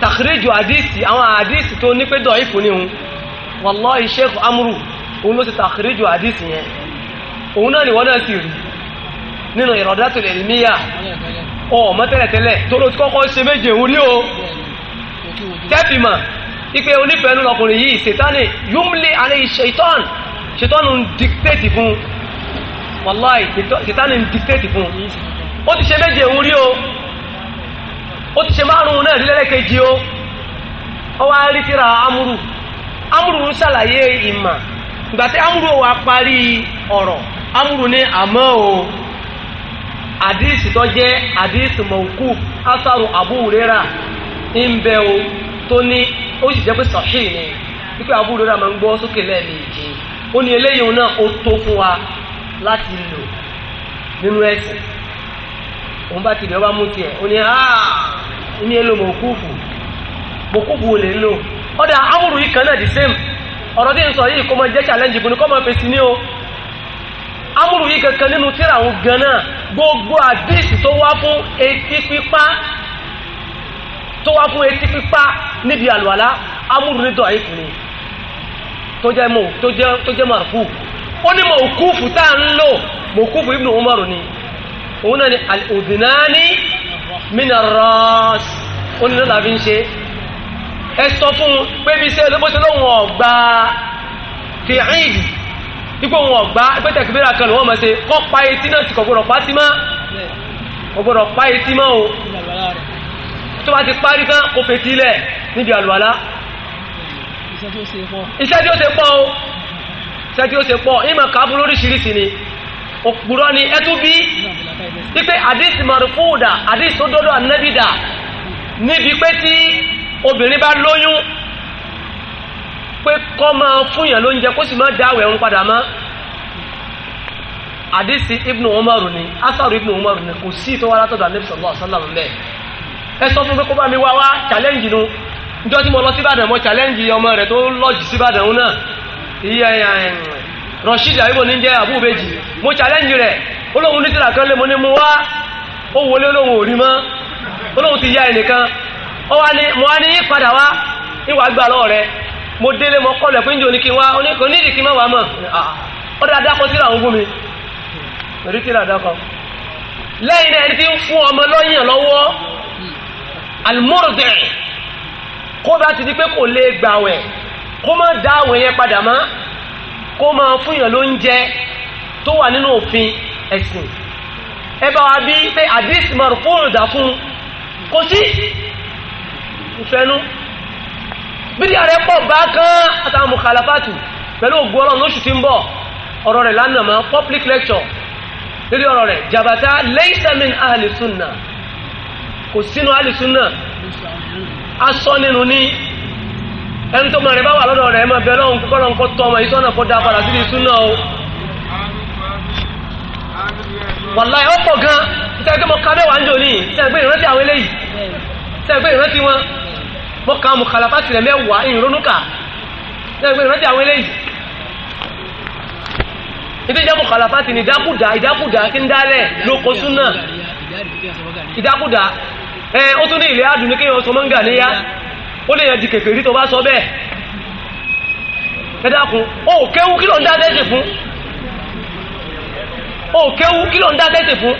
tàkìrìjù àdíìsì àwọn àdíìsì tó ní pé dọ̀yìn fún ní hun wallahi sheikh amuru òun ló ti tàkìrìjù àdíìsì yẹn òun náà ni wọ́n náà sì rí nínú ìrọ̀dátò ilmiya ọ̀ mọ́tẹ́lẹ̀tẹ́lẹ̀ tó ló ti kọ́kọ́ ṣe méje òun rí o tẹ́fìmọ̀ ipe onífẹ̀ẹ́nu lọkùnrin yìí sètánì yúmlé alẹ́ ṣètọ́n ṣètọ́n ń ń dìktẹ́tì fún ó ó ti ṣe márùn-ún náà lílẹ́lẹ́kejì ó ó wá rí tíra amúrù amúrù ń ṣàlàyé ìmà ìgbà tí amúrù ó wá parí ọ̀rọ̀ amúrù ní àmọ́ o àdíìsì tó jẹ́ àdíìsì mọ̀ọ́kù asaru Abu ń bẹ o tó ní ó sì jẹ́ pé ni wípé Abu máa ń gbọ́ sókè lẹ́ẹ̀mejì ó ní eléyìí náà ó tó fún wa láti lò nínú ẹ̀sìn òun bá ti bẹ̀ wá mú tiẹ̀ ó ní áà ní èlò mọ̀kúfù mọ̀kúfù ò lè lò ọ̀dà amúrù yìí kan náà the same ọ̀rọ̀ tí ń sọ yìí kó mọ jẹ́ challenge fún ni kó mọ fèsì ní o amúrù yìí kankan nínú tíra àwọn ganan gbogbo àdéhìsì tó wá fún etí pípa tó wá fún etí pípa níbi àlùwàlá amúrù ní dọ̀ àyíkù ni tó jẹ́ mọ̀ tó ó ní mọ̀ kúfù tá à ń lò mọ̀ kúfù Ibn òun náà ni al-udhnani min ar-ras òun náà làbí ń ṣe ẹ sọ fún un pé bí iṣẹ́ olóbó ṣe lóun ọ̀gbà fi eid dípò òun ọ̀gbà pé tẹ̀kíbíra kan lòun ọmọ ṣe kọ́ pa etí náà sì kò gbọdọ̀ pa sí mọ́ kò gbọdọ̀ pa etí mọ́ o tó bá ti parí tán kò fètí ilẹ̀ níbi àlùwàlá iṣẹ́ tí ó ṣe pọ̀ o iṣẹ́ tí ó ṣe pọ̀ ìmọ̀ káàbù lóríṣiríṣi ni òpùrọ̀ wípé àdìsí mọ̀rùfù dà àdìsí òdodo ànábì dà níbi pé tí obìnrin bá lóyún pé kọ́ fúnyàn lóúnjẹ kó sì ń padà ibnu umaru ni asaru ibnu umaru ni kò sí látọ̀dọ̀ mẹ́ ẹ sọ fún pé kó bá mi wá wá challenge nu tí mo lọ challenge ọmọ rẹ̀ tó náà iye olóhun nítìlá kan lé mo ní mú wá ó wọlé olóhun ò rí mọ́ olóhun ti ya ẹnìkan ó wá ní mo wá ní padà wá níwà gbà lọ́wọ́ rẹ mo délé mo kọ́ lẹ̀ pé njò ní kí n wá oníkò nídìí kí n má wà mọ̀ ah, ó dáa dákọ̀ tíra òun gún mi rí tíra dákọ̀ lẹ́yìn náà ẹni tí ń fún ọmọ lọ́yìn lọ́wọ́ almordi kó bá ti di pé kò lè gbàwẹ̀ kó má dá àwẹ̀ yẹn padà mọ́ kó máa fún yàn lóúnjẹ tó wà nínú òfin ẹ̀sìn ẹ bá wa bí pé àdìsí mọ̀rùfóònù dà fún un kò sí ìfẹ́nu bídí ààrẹ pọ̀ bá kán àtàwọn mùkàlàfàtù pẹ̀lú ògùn ọlọ́run lóṣù tí ń bọ̀ ọ̀rọ̀ rẹ̀ lánàá mọ́ public lecture lórí ọ̀rọ̀ rẹ̀ jàbàtà laysa min ahli sunna kò sínú ahli sunna asọ́ nínú ní ẹni tó mọ̀ rẹ̀ bá wà lọ́dọ̀ rẹ̀ ẹ máa bẹ ọlọ́run kọ́ lọ́n kọ́ tọ́ ọmọ ìsọ́nà kó dá padà sí sunna o wàláì ó pọ̀ gan nítorí pé mo ka mẹ́wàá ń jò ní sẹ́gbẹ́ ìrántí àwọn eléyìí sẹ́gbẹ́ ìrántí wọn mo ka mo kàlàfà tirẹ̀ mẹ́wàá ìrónúkà sẹ́gbẹ́ ìrántí àwọn eléyìí nítorí jẹ́ mo kàlàfà tì ní ìdákùdà ìdákùdà kí ń dálẹ̀ lóko súnà ìdákùdà ẹ ó tún ní ilé adùn ní kéèyàn sọ mọ́ngà níyà ó lè yàn di kèfèrí tó bá sọ bẹ́ẹ̀ ẹ dákun ó kéwú kí ló ń dá ó kéwú kí ló ń dá tẹ́tẹ̀ fún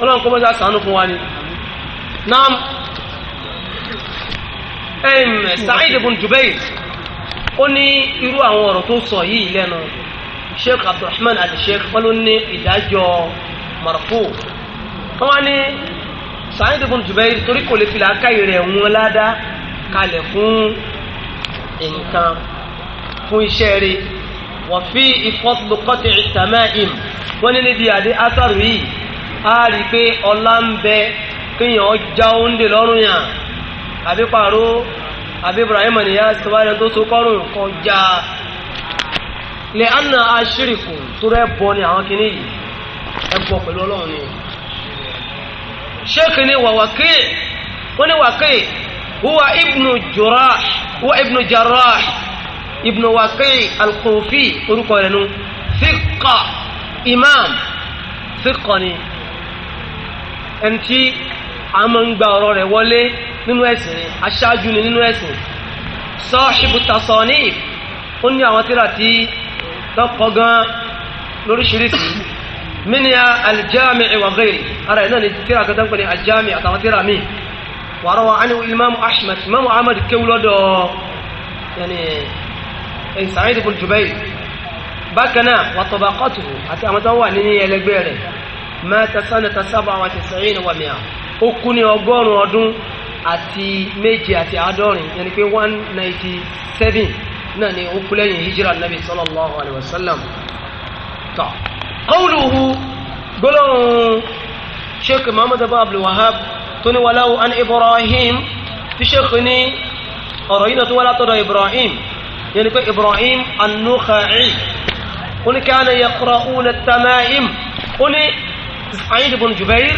ọlọ́run kó mọ́sá sànú fún wa ni naam Sa'id ibn Jubayr ó ní irú àwọn ọ̀rọ̀ tó sọ yìí lẹ́nu sheikh abdulrahman al-sheikh wọn ló ní ìdájọ́ marfu wọn ní Sa'id ibn Jubayr torí kò lè fi làákàyè rẹ̀ wọn ládàá kalẹ̀ fún nǹkan fún iṣẹ́ rẹ̀ wọ́n fi ìfọ́sùlù kọ́tì ìtàmẹ́ìm wọ́n ní níbi àdé átàrù yìí á rí i pé ọlá ń bẹ kéèyàn já oúnjẹ lọ́rùn yàn àbí pàró àbí Ibrahim nìyá sọ́wọ́n tó so kọ́rùn kọjá lẹ́ àná aṣíríkù tó rẹ́ bọ́ ni àwọn kìíní yìí ẹ bọ́ pẹ̀lú ọlọ́run ni sheikh ni wa wakil wani wakil huwa ibnu jurah huwa ibnu jarrah ibn waqi al-kufi orúkọ rẹ̀ nu fiqa imam fiqa ni ẹni tí a máa ń gba ọ̀rọ̀ rẹ̀ wọlé nínú ẹ̀sìn ni aṣáájú ni nínú ẹ̀sìn sahibu tasanif ó ní àwọn tíra tí lọ́pọ̀ gan lóríṣiríṣi mínìyà al-jami' ara ẹ̀ náà ni tíra kan tó ń pè ní al àtàwọn tíra míì wàá rọwọ́ ánìwò imam ahmed imam ahmed kéwú yẹn ni. Sa'id ibn Jubayr bákan náà wa tabaqatuhu àti àwọn tó wà nínú ẹlẹgbẹ́ rẹ̀ mata sanata sab'a wa tis'ina wa mi'a ó kú ní ọgọ́rùn-ún ọdún àti méje àti àádọ́rin yẹni pé one tó ní walau an ibrahim tí sheikh ní ọ̀rọ̀ yìí tó wá ibrahim yẹni pé Ibrahim an-Nakha'i ó ní kana yaqra'una at-tama'im ó ní Sa'id ibn Jubair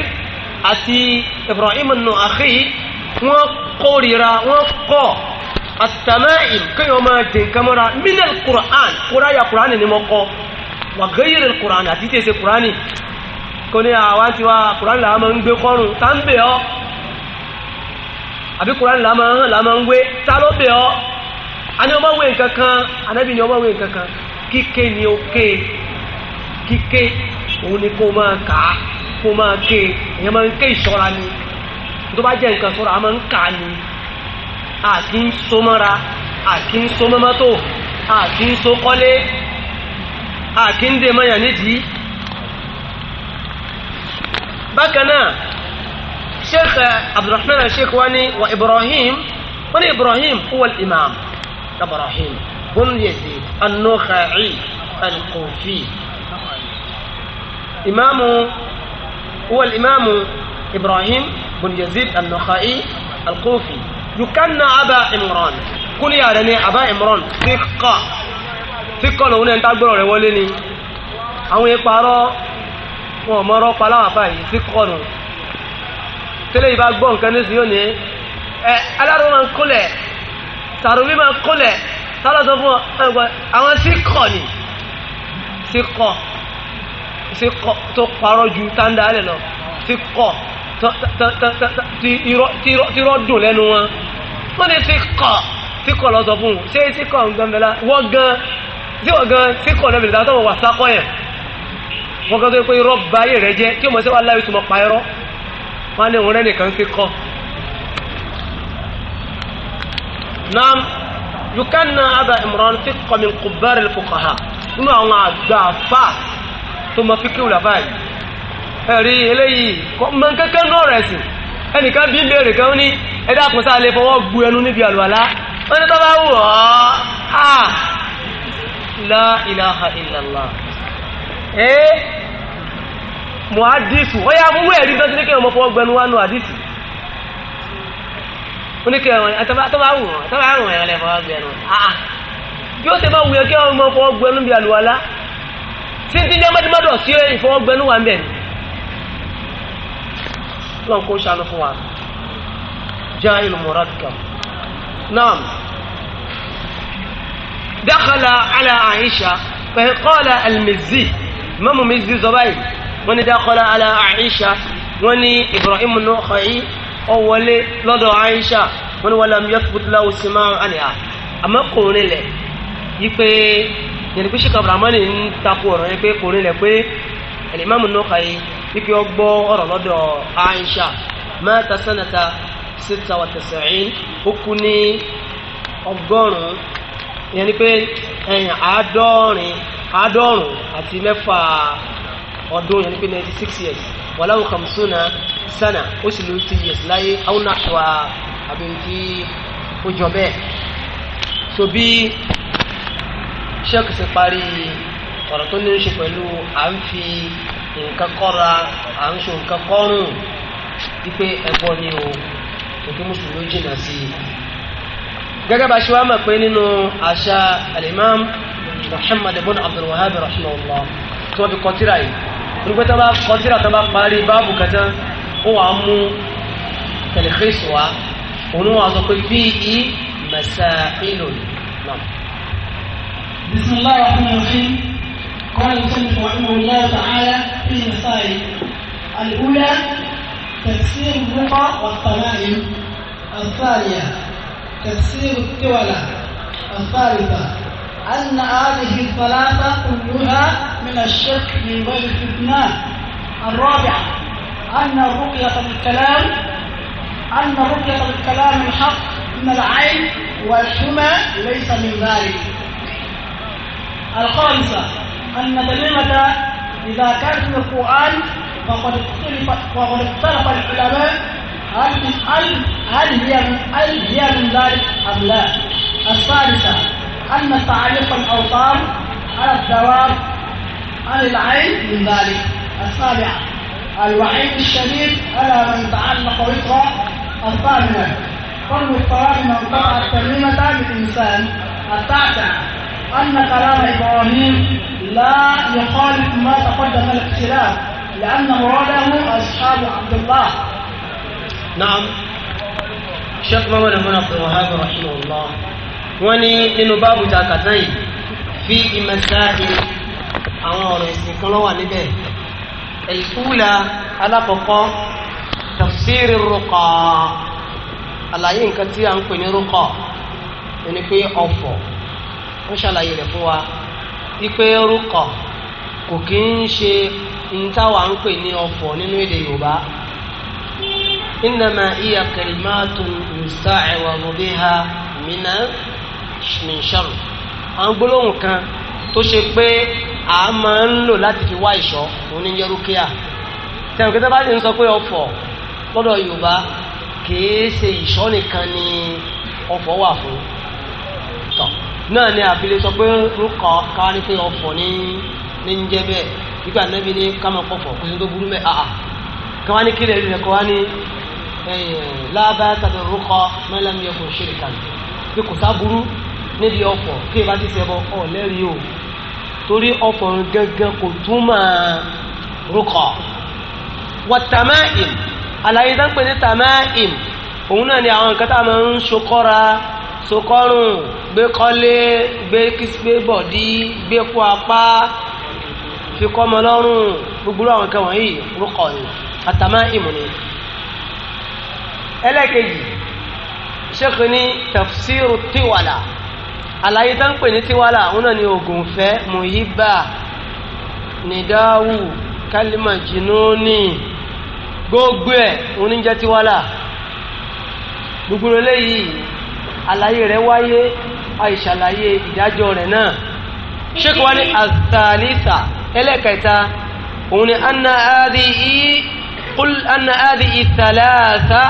àti Ibrahim an-Nakha'i wọ́n kórìíra wọ́n kọ́ at-tama'im kéèyàn máa dín kámọ́ra minal Qur'an kóráyà Qur'an ni mo kọ́ wà gẹ́yẹ̀rẹ̀ Qur'an àti tẹ̀sẹ̀ Qur'an kò ní àwọn tiwa Qur'an làwọn máa ń gbé kọ́rùn tá ń bẹ̀ ọ́ àbí Qur'an làwọn máa ń gbé tá ló bẹ̀ ọ́ a ní ọmọ wé nǹkan kan anábì ní ọmọ wé nǹkan kan kíké ni ó ké kíké òun ni kó máa kà á kó máa ké èèyàn máa ń ké ìṣọ́ra ni tó bá jẹ́ nǹkan sọ́ra a máa ń kà á ni a kì ń so mọ́ra a kì ń so mọ́mọ́tò a ń so kọ́lé a ń dè mọ́yàn nídìí bákan náà sheikh abdulrahman sheikh wani wa ibrahim wani ibrahim huwa imam إبراهيم بن يزيد النخعي الكوفي إمام هو الإمام إبراهيم بن يزيد النخعي الكوفي يكنى أبا عمران كل يا رني أبا عمران ثقة ثقة لو أنت أقول ولني àwọn ìparọ́ wọn ò mọ́rọ́ pa láwọn àfáà yìí ثقة nù tẹ́lẹ̀ yìí bá gbọ́ nǹkan ní sí yóò ní ẹ alárùn máa sàrùmí máa kólẹ̀ tọ́lọ̀ sọ fún ọgbọ̀n àwọn sí kọ̀ ni sí kọ̀ sí kọ̀ tó parọ́ ju táńdà lẹ̀ lọ sí kọ̀ tí irọ́ dùn lẹ́nu wọn wọ́n ní sí kọ̀ sí kọ̀ lọ́sọ fún un ṣé sí kọ̀ ń gbẹ́mẹ́lá wọ́n gan sí wọ́n gan sí kọ̀ lẹ́bẹ̀rẹ̀ dáa tọ́wọ́ wà sákọ̀ yẹn wọ́n gan tó yẹ pé irọ́ ba rẹ jẹ́ kí ọmọ sí wa láyé tó mọ̀ pa irọ́ wọ́n á ní òun rẹ́ nìkan sí kọ̀ naam yukanna aba imran fiqh min kubar fuqaha nínú àwọn àgbà àfà tó ma fíkì wùlà báyìí ẹ̀rí eléyìí mọ kẹ́kẹ́ náà rẹ̀ sí ẹnìkan bí béèrè kan ní ẹ̀dá àkùnsá lè fọwọ́ gbu ẹnu níbi àlùwàlá wọ́n ní tọ́ba wù ọ́ á la ilaha ẹ́ muhadisu ó yà mú ẹ̀rí tó ti ní kí ọmọ fọwọ́ gbẹnu wánu hadisi oníkẹ́ wọn àtàbà wù wọn àtàbà àrùn wọn lẹ́fọ̀ ọgbẹ́nu àà ah, ah. bí ó ṣe bá wù yẹ kí ọmọ ọkọ̀ ọgbẹ́nu bí àlùwàlá tí ń ti jẹ́ mọ́tìmọ́tò sí ìfọwọ́gbẹ́nu wà ń bẹ̀ lọ́n kó ṣàánú fún wa já ìlú mọ̀rọ̀dùkà náà dákàlà àlà àìṣà pẹ̀lú kọ́ọ̀lá àlùmẹ̀zì mọ́mù mi zí zọ báyìí wọ́n ní dákàlà àlà àìṣà wọ́n ní Ibrahim nù ọwọlé lọ́dọ̀ Aisha wọn ni wọn làm yọkùbùtìlá òsínmá àníyà àmọ́ kò rinlẹ̀ yìí pé yẹn ni pé Sheikh Abdulrahman ń takò ọ̀rọ̀ yẹn pé kò rinlẹ̀ pé Al-Imam an yìí pé ó gbọ́ ọ̀rọ̀ Aisha mata sanata sita wa tasa'in ó kú ní ọgọ́rùn-ún yẹn ni pé ẹ̀yìn àádọ́rin àádọ́rùn àti mẹ́fà ọdún yẹn pé ninety six years wàláwù kàmsúnà sana ó sì ló ti yẹ̀sì láyé àwọn àṣọwà àbí tí ó jọ bẹ́ẹ̀ so bí sheikh ṣe parí ọ̀rọ̀ tó ní í ṣe pẹ̀lú à ń fi nǹkan kọ́ra à ń so nǹkan kọ́rùn wípé ni o òkè mùsùlùmí jìnnà sí i gẹ́gẹ́ bá ṣe wá mọ̀ pé nínú àṣà alimam muhammad ibn abdul Wahab rahimahullah tí wọ́n fi kọtíra yìí nígbà tí wọ́n bá kọtíra tí wọ́n bá ó wàá mú tẹlifíṣì فيه مسائل نعم بسم الله الرحمن الرحيم قال المصنف رحمه الله تعالى في مسائل الأولى تفسير الرقى والطمائم الثانية تفسير التولى الثالثة أن هذه الثلاثة كلها من الشك من غير استثناء الرابعة أن الرقية بالكلام أن الرقية بالكلام الحق من العين والحمى ليس من ذلك الخامسة أن كلمة إذا كانت في القرآن فقد اختلف وقد اختلف العلماء هل هل هل هي من هل هي من ذلك أم لا؟ السادسة أن تعليق الأوطان على الدواب عن العين من ذلك السابعة الوعيد الشديد ألا من تعلق وطرة أرطانة قل الطرام من قطع الترنيمة الإنسان أتعتع أن كلام إبراهيم لا يخالف ما تقدم الاختلاف لأن مراده أصحاب عبد الله نعم شيخ محمد بن عبد الوهاب رحمه الله واني لنو باب تاكتين في مسائل أمور يسيقلوا لبيه ẹ̀kúlà alákọ̀ọ́kọ́ tafsiri rúkọ̀ àlàyé nǹkan tí a ń pè ní rúkọ̀ ẹni pé ọ̀fọ̀ ó ṣàlàyé rẹ̀ fún wa wípé rúkọ̀ kò kí ń ṣe ntáwa ń pè ní ọ̀fọ̀ nínú èdè Yorùbá innama iya kalimatun yusta'awadu biha mina min sharr àwọn gbólóhùn kan tó ṣe pé a máa ń lò láti fi wá ìṣọ́ òun ní yẹrúkíà tẹ̀wọ̀n kí tẹ́ bá ti ń sọ pé ọ̀fọ̀ lọ́dọ̀ yorùbá kìí ṣe ìṣọ́ nìkan ni ọ̀fọ̀ wà fún tọ̀ náà ni àfilẹ̀ sọ pé ń kọ́ káwá ní pé ọ̀fọ̀ ní ní ń jẹ́ bẹ́ẹ̀ nígbà nábì ní kámọ̀ pọ̀fọ̀ kó sì tó burú mẹ́ àà káwá ní kílẹ̀ rẹ̀ kọ́ wá ní lábá tàbí rúkọ mẹ́lẹ́mìí ọkùnrin ṣe nìkan pé kò sá burú níbi ọ̀fọ̀ kí ẹ bá ti ṣẹbọ ọ̀ lẹ́rìí o torí ọkùnrin gangan kò túmọ̀ rúkọ̀ wọ́n tàmáìm àlàyé dánpẹ́ ní tàmáìm òun náà ni àwọn nǹkan tá a máa ń sokọ́ra sokọ́rùn gbé kọ́lé gbé gbé bọ̀dí gbé kó apá fi kọ́mọ lọ́rùn gbogbo àwọn nǹkan wọ̀nyí rúkọ̀ ni àtàmáìm ni ẹlẹ́kejì ṣéèkì ní tafsiru àlàyé tá ń pè ní tiwala òun náà ni oògùn fẹ́ muhiba nidawu kalima jinoni gbogbo ẹ̀ òun ní jẹ́ tiwala gbogbo eléyìí àlàyé rẹ̀ wáyé àìṣàlàyé ìdájọ́ rẹ̀ náà ṣékò wá ní òun ni anna adi i kul anna adi i thalatha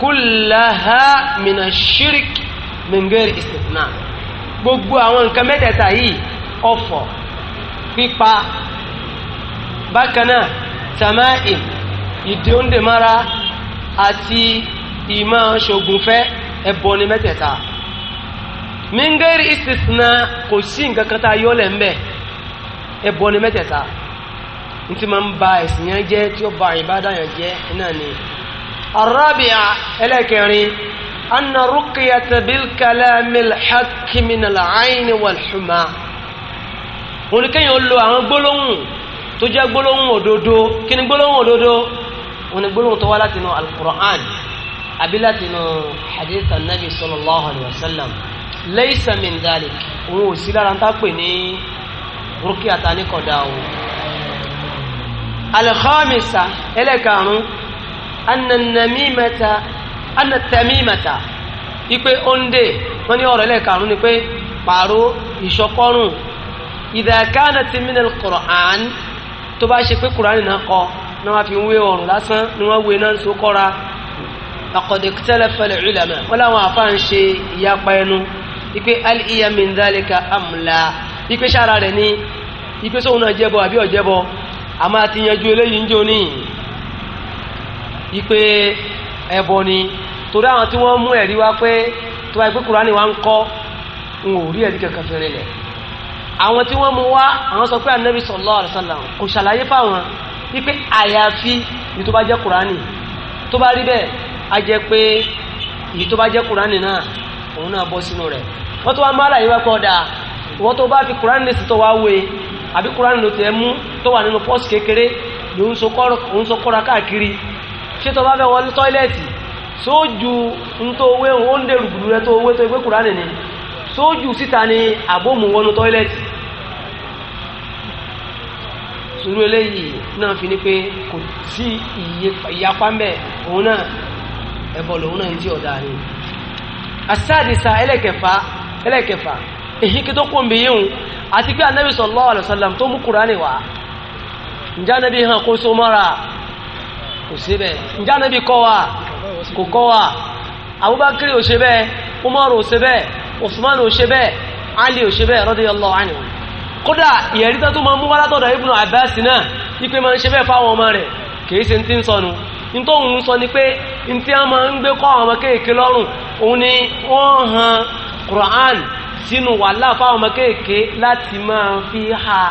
kullaha mina shirk min ghairi gbogbo àwọn nǹkan mẹ́tẹ̀ẹ̀ta yìí ọ̀fọ̀ pípa bákan náà tàmáì ìdíòǹdèmára àti ìmọ̀ ṣògùnfẹ́ ẹbọ ní mẹ́tẹ̀ẹ̀ta mingeri istisna kò sí nǹkan kan tá a yọ́lẹ̀ ń bẹ̀ mẹ́tẹ̀ẹ̀ta n ti máa ń ba ẹ̀sìn yẹn jẹ́ tí ó ba ìbádàn yẹn jẹ́ náà ni arábìà ẹlẹ́kẹrin أن رقية بالكلام الحق من العين والحمى wọ́n ní kéèyàn lo àwọn gbólóhùn tó jẹ́ gbólóhùn òdodo kí ni gbólóhùn òdodo wọ́n ní gbólóhùn tó wá láti inú alukur'an àbí láti inú hadith anabi sallallahu alayhi wa sallam laysa min dhalik òun ò sí lára tá a pè ní rúkìá ta ní kọ̀dá o. al-khamisa ẹlẹ́karùn-ún anna namimata ana tamimata ipe onde wọ́n ní ọ̀rọ̀ ẹlẹ́ẹ̀karùn ni pé pààrọ̀ ìṣọkọ́rùn idha kanat min al-Qur'an tó bá ṣe pé kùránì náà kọ náà wọ́n fi ń wé ọ̀rùn lásán ni wọ́n wé náà ń so kọ́ra laqad ikhtalafa al-ulama wọ́n láwọn àfa ṣe ìyapa ẹnu ipe al-iya min ipe sára rẹ̀ ni ipe sóhun náà jẹ́bọ àbí ọ̀jẹ́bọ àmọ́ àti yanjú eléyìí ń jóni ipe ẹbọ ni torí àwọn tí wọ́n mú ẹ̀rí wá pé tó wáyé pé kúránì wá ń kọ́ ń ò rí ẹ̀rí kankan fẹ́rẹ́ lẹ̀ àwọn tí wọ́n mú wá àwọn sọ pé anabi sallallahu alaihi wasallam kò ṣàlàyé fáwọn wípé àyàfi èyí tó bá jẹ́ kúránì tó bá rí bẹ́ẹ̀ á jẹ́ pé èyí tó bá jẹ́ kúránì náà òun náà bọ́ sínú rẹ̀ wọ́n tó wá má láyé wá pé ọ̀dà wọ́n tó bá fi kúránì lè sì wá wé àbí kúránì ló tẹ̀ mú tó wà nínú pọ́ọ̀sì sójú ntòwé ó ń dẹrù gbùdú rẹ tó owó tó ni síta ni àbómù wọnú tọ́ílẹ̀tì sùúrù eléyìí náà fi ni pé kò sí ìyapa ń bẹ òun náà ẹbọ lòun náà ń tí ọ̀dà ni asáàdìsá ẹlẹ́kẹfà ẹlẹ́kẹfà èyí kí tó kún bí yíhun àti pé tó mú wá wa kò kọ́ wa Abubakar ò ṣe bẹ́ẹ̀ Umar ò ṣe bẹ́ẹ̀ Usman ò ṣe bẹ́ẹ̀ Ali ò ṣe bẹ́ẹ̀ radiyallahu anhu kódà ìyẹ̀rí tó tún máa mú wá látọ̀dọ̀ Ibn Abbas náà ipe máa ń ṣe bẹ́ẹ̀ fáwọn ọmọ rẹ̀ kìí ṣe ti ń sọnù nítorí òun sọ ni pé n tí a máa ń gbé kọ́ àwọn ọmọ kéèké lọ́rùn òun ni wọ́n han Quran sínú wàhálà fáwọn ọmọ kéèké láti máa fi ha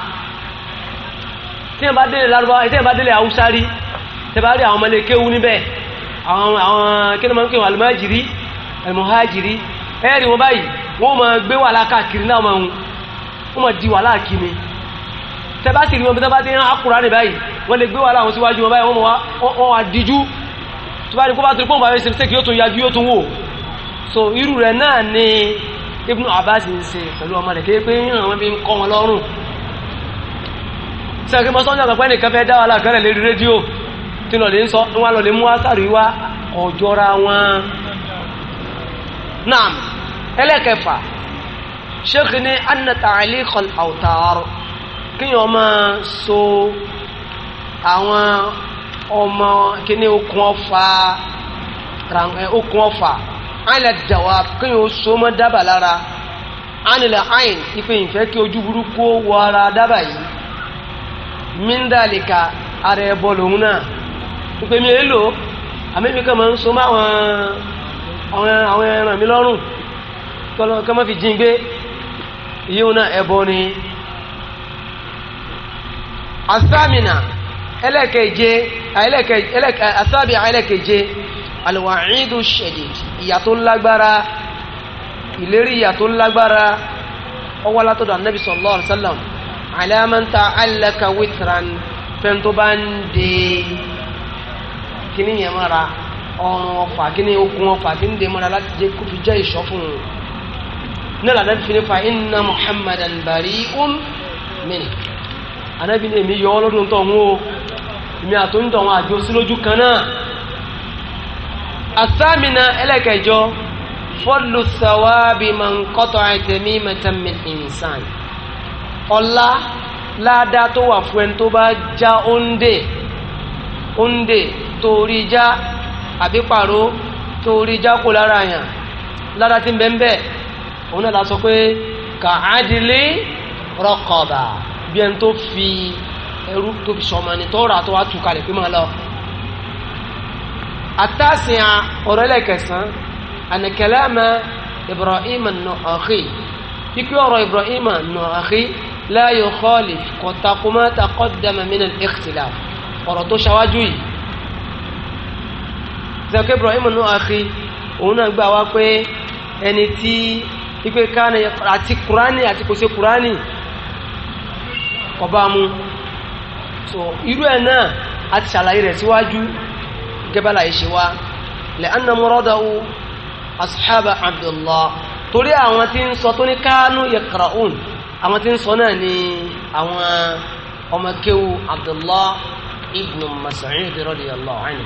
tí ẹ bá délé Lárúbáwá tí ẹ bá délé Haúsá rí tẹ bá rí àwọn ọmọ ilé kéwú níbẹ̀ àwọn àwọn kí ni máa ń pè wọn alimajiri alimuhajiri ẹ̀rí wọn báyìí wọ́n máa gbé wàhálà káàkiri náà máa ń wọ́n máa di wàhálà kiri tẹ́bá sì rí wọn bí tẹ́bá ti ń akura ní báyìí wọ́n lè gbé wàhálà wọn síwájú wọn báyìí wọ́n wá díjú tó bá ní kó bá tó pọ́npá fẹ́ẹ́ sẹ́kì yóò tún yájú yóò tún wò so irú rẹ̀ náà ni Ibn Abbas ń ṣe pẹ̀lú ọmọ rẹ̀ kéèpé àwọn bí ń kọ́ wọn lọ́rùn sẹ́kì mọ́sán tí lọ lè ń sọ wọ́n lọ lè mú ákàrí wá ọjọ́ra wọn náà ẹlẹ́kẹfà ṣéèkì ní annata alikọl àwùtàrọ kíyàn máa so àwọn ọmọ kíní okun ọfà okun ọfà àìlẹ̀ dàwà kíyàn ó so mọ́ dábà lára àìlẹ̀ àìn ife ìfẹ́ kí ojú burúkú wọ ara dábà yìí míndàlíkà ara ẹbọ lòun náà pípé mi èlò àmẹ́mi kan máa ń so mọ́ àwọn àwọn ẹran mi lọ́rùn kọ́ máa fi jín gbé yíò náà ẹbọ ni asámìnà ẹlẹ́kẹ̀ẹ́jẹ́ asábì ẹlẹ́kẹ̀ẹ́jẹ́ alwàáìdù ṣẹ̀dẹ̀ ìyà tó lágbára ìlérí ìyà tó lágbára ọwọ́ látọ̀dọ̀ annabi sallallahu alaihi wasallam alamanta allaka witran fẹ́ntó bá kíní yẹn mọ́ra ọrùn ọfà kíní ogun ọfà tí de mọ́ra láti jẹ́ kó fi jẹ́ ìṣọ́ fún un ní lànà fi ní fa inna muhammadan bari'un mini anabi ní èmi yọ ọ́ lọ́dún tó ń wò èmi àtúntọ̀ wọn àjọ sí lójú kan náà asámìnà ẹlẹ́kẹjọ fọ́lù sàwábì máa ń kọ́tọ̀ àìtẹ̀mí mẹ́tẹ́mẹ́ ìnsàn ọlá ládàá tó wà fún ẹni tó bá já òǹdè òǹdè torí já àbí pàró torí já kó lára yàn lára tí ń bẹ́ ń bẹ́ òun náà la sọ pé kà á dilé rọkọ̀bà bí ẹni tó fi ẹrú tó fi sọmọ ni tọ́ra tó wá tù kalẹ̀ pé máa lọ. àtàsìn ọ̀rọ̀ ẹlẹ́kẹsàn-án ànàkẹ́lẹ́mà ibrahim nọ̀ọ́kì kíkí ọ̀rọ̀ ibrahim nọ̀ọ́kì la yukhalif kọ̀tàkùmá taqaddama min al ọ̀rọ̀ tó ṣáwájú yìí sẹ́kẹ́ Ibrahim nù àkì òun náà gbà wá pé ẹni tí ipe kánì àti kùránì àti kò kùránì kọba mu so irú ẹ̀ náà a ti ṣàlàyé rẹ̀ síwájú gẹ́bàlá ìṣe wa lẹ́ànà mọ́rọ́dàwó asuhaba abdullah torí àwọn tí ń sọ tó ní kánú yaqra'un àwọn tí ń sọ náà ni àwọn ọmọkéwu abdullah ibn mas'ud radiyallahu anhu.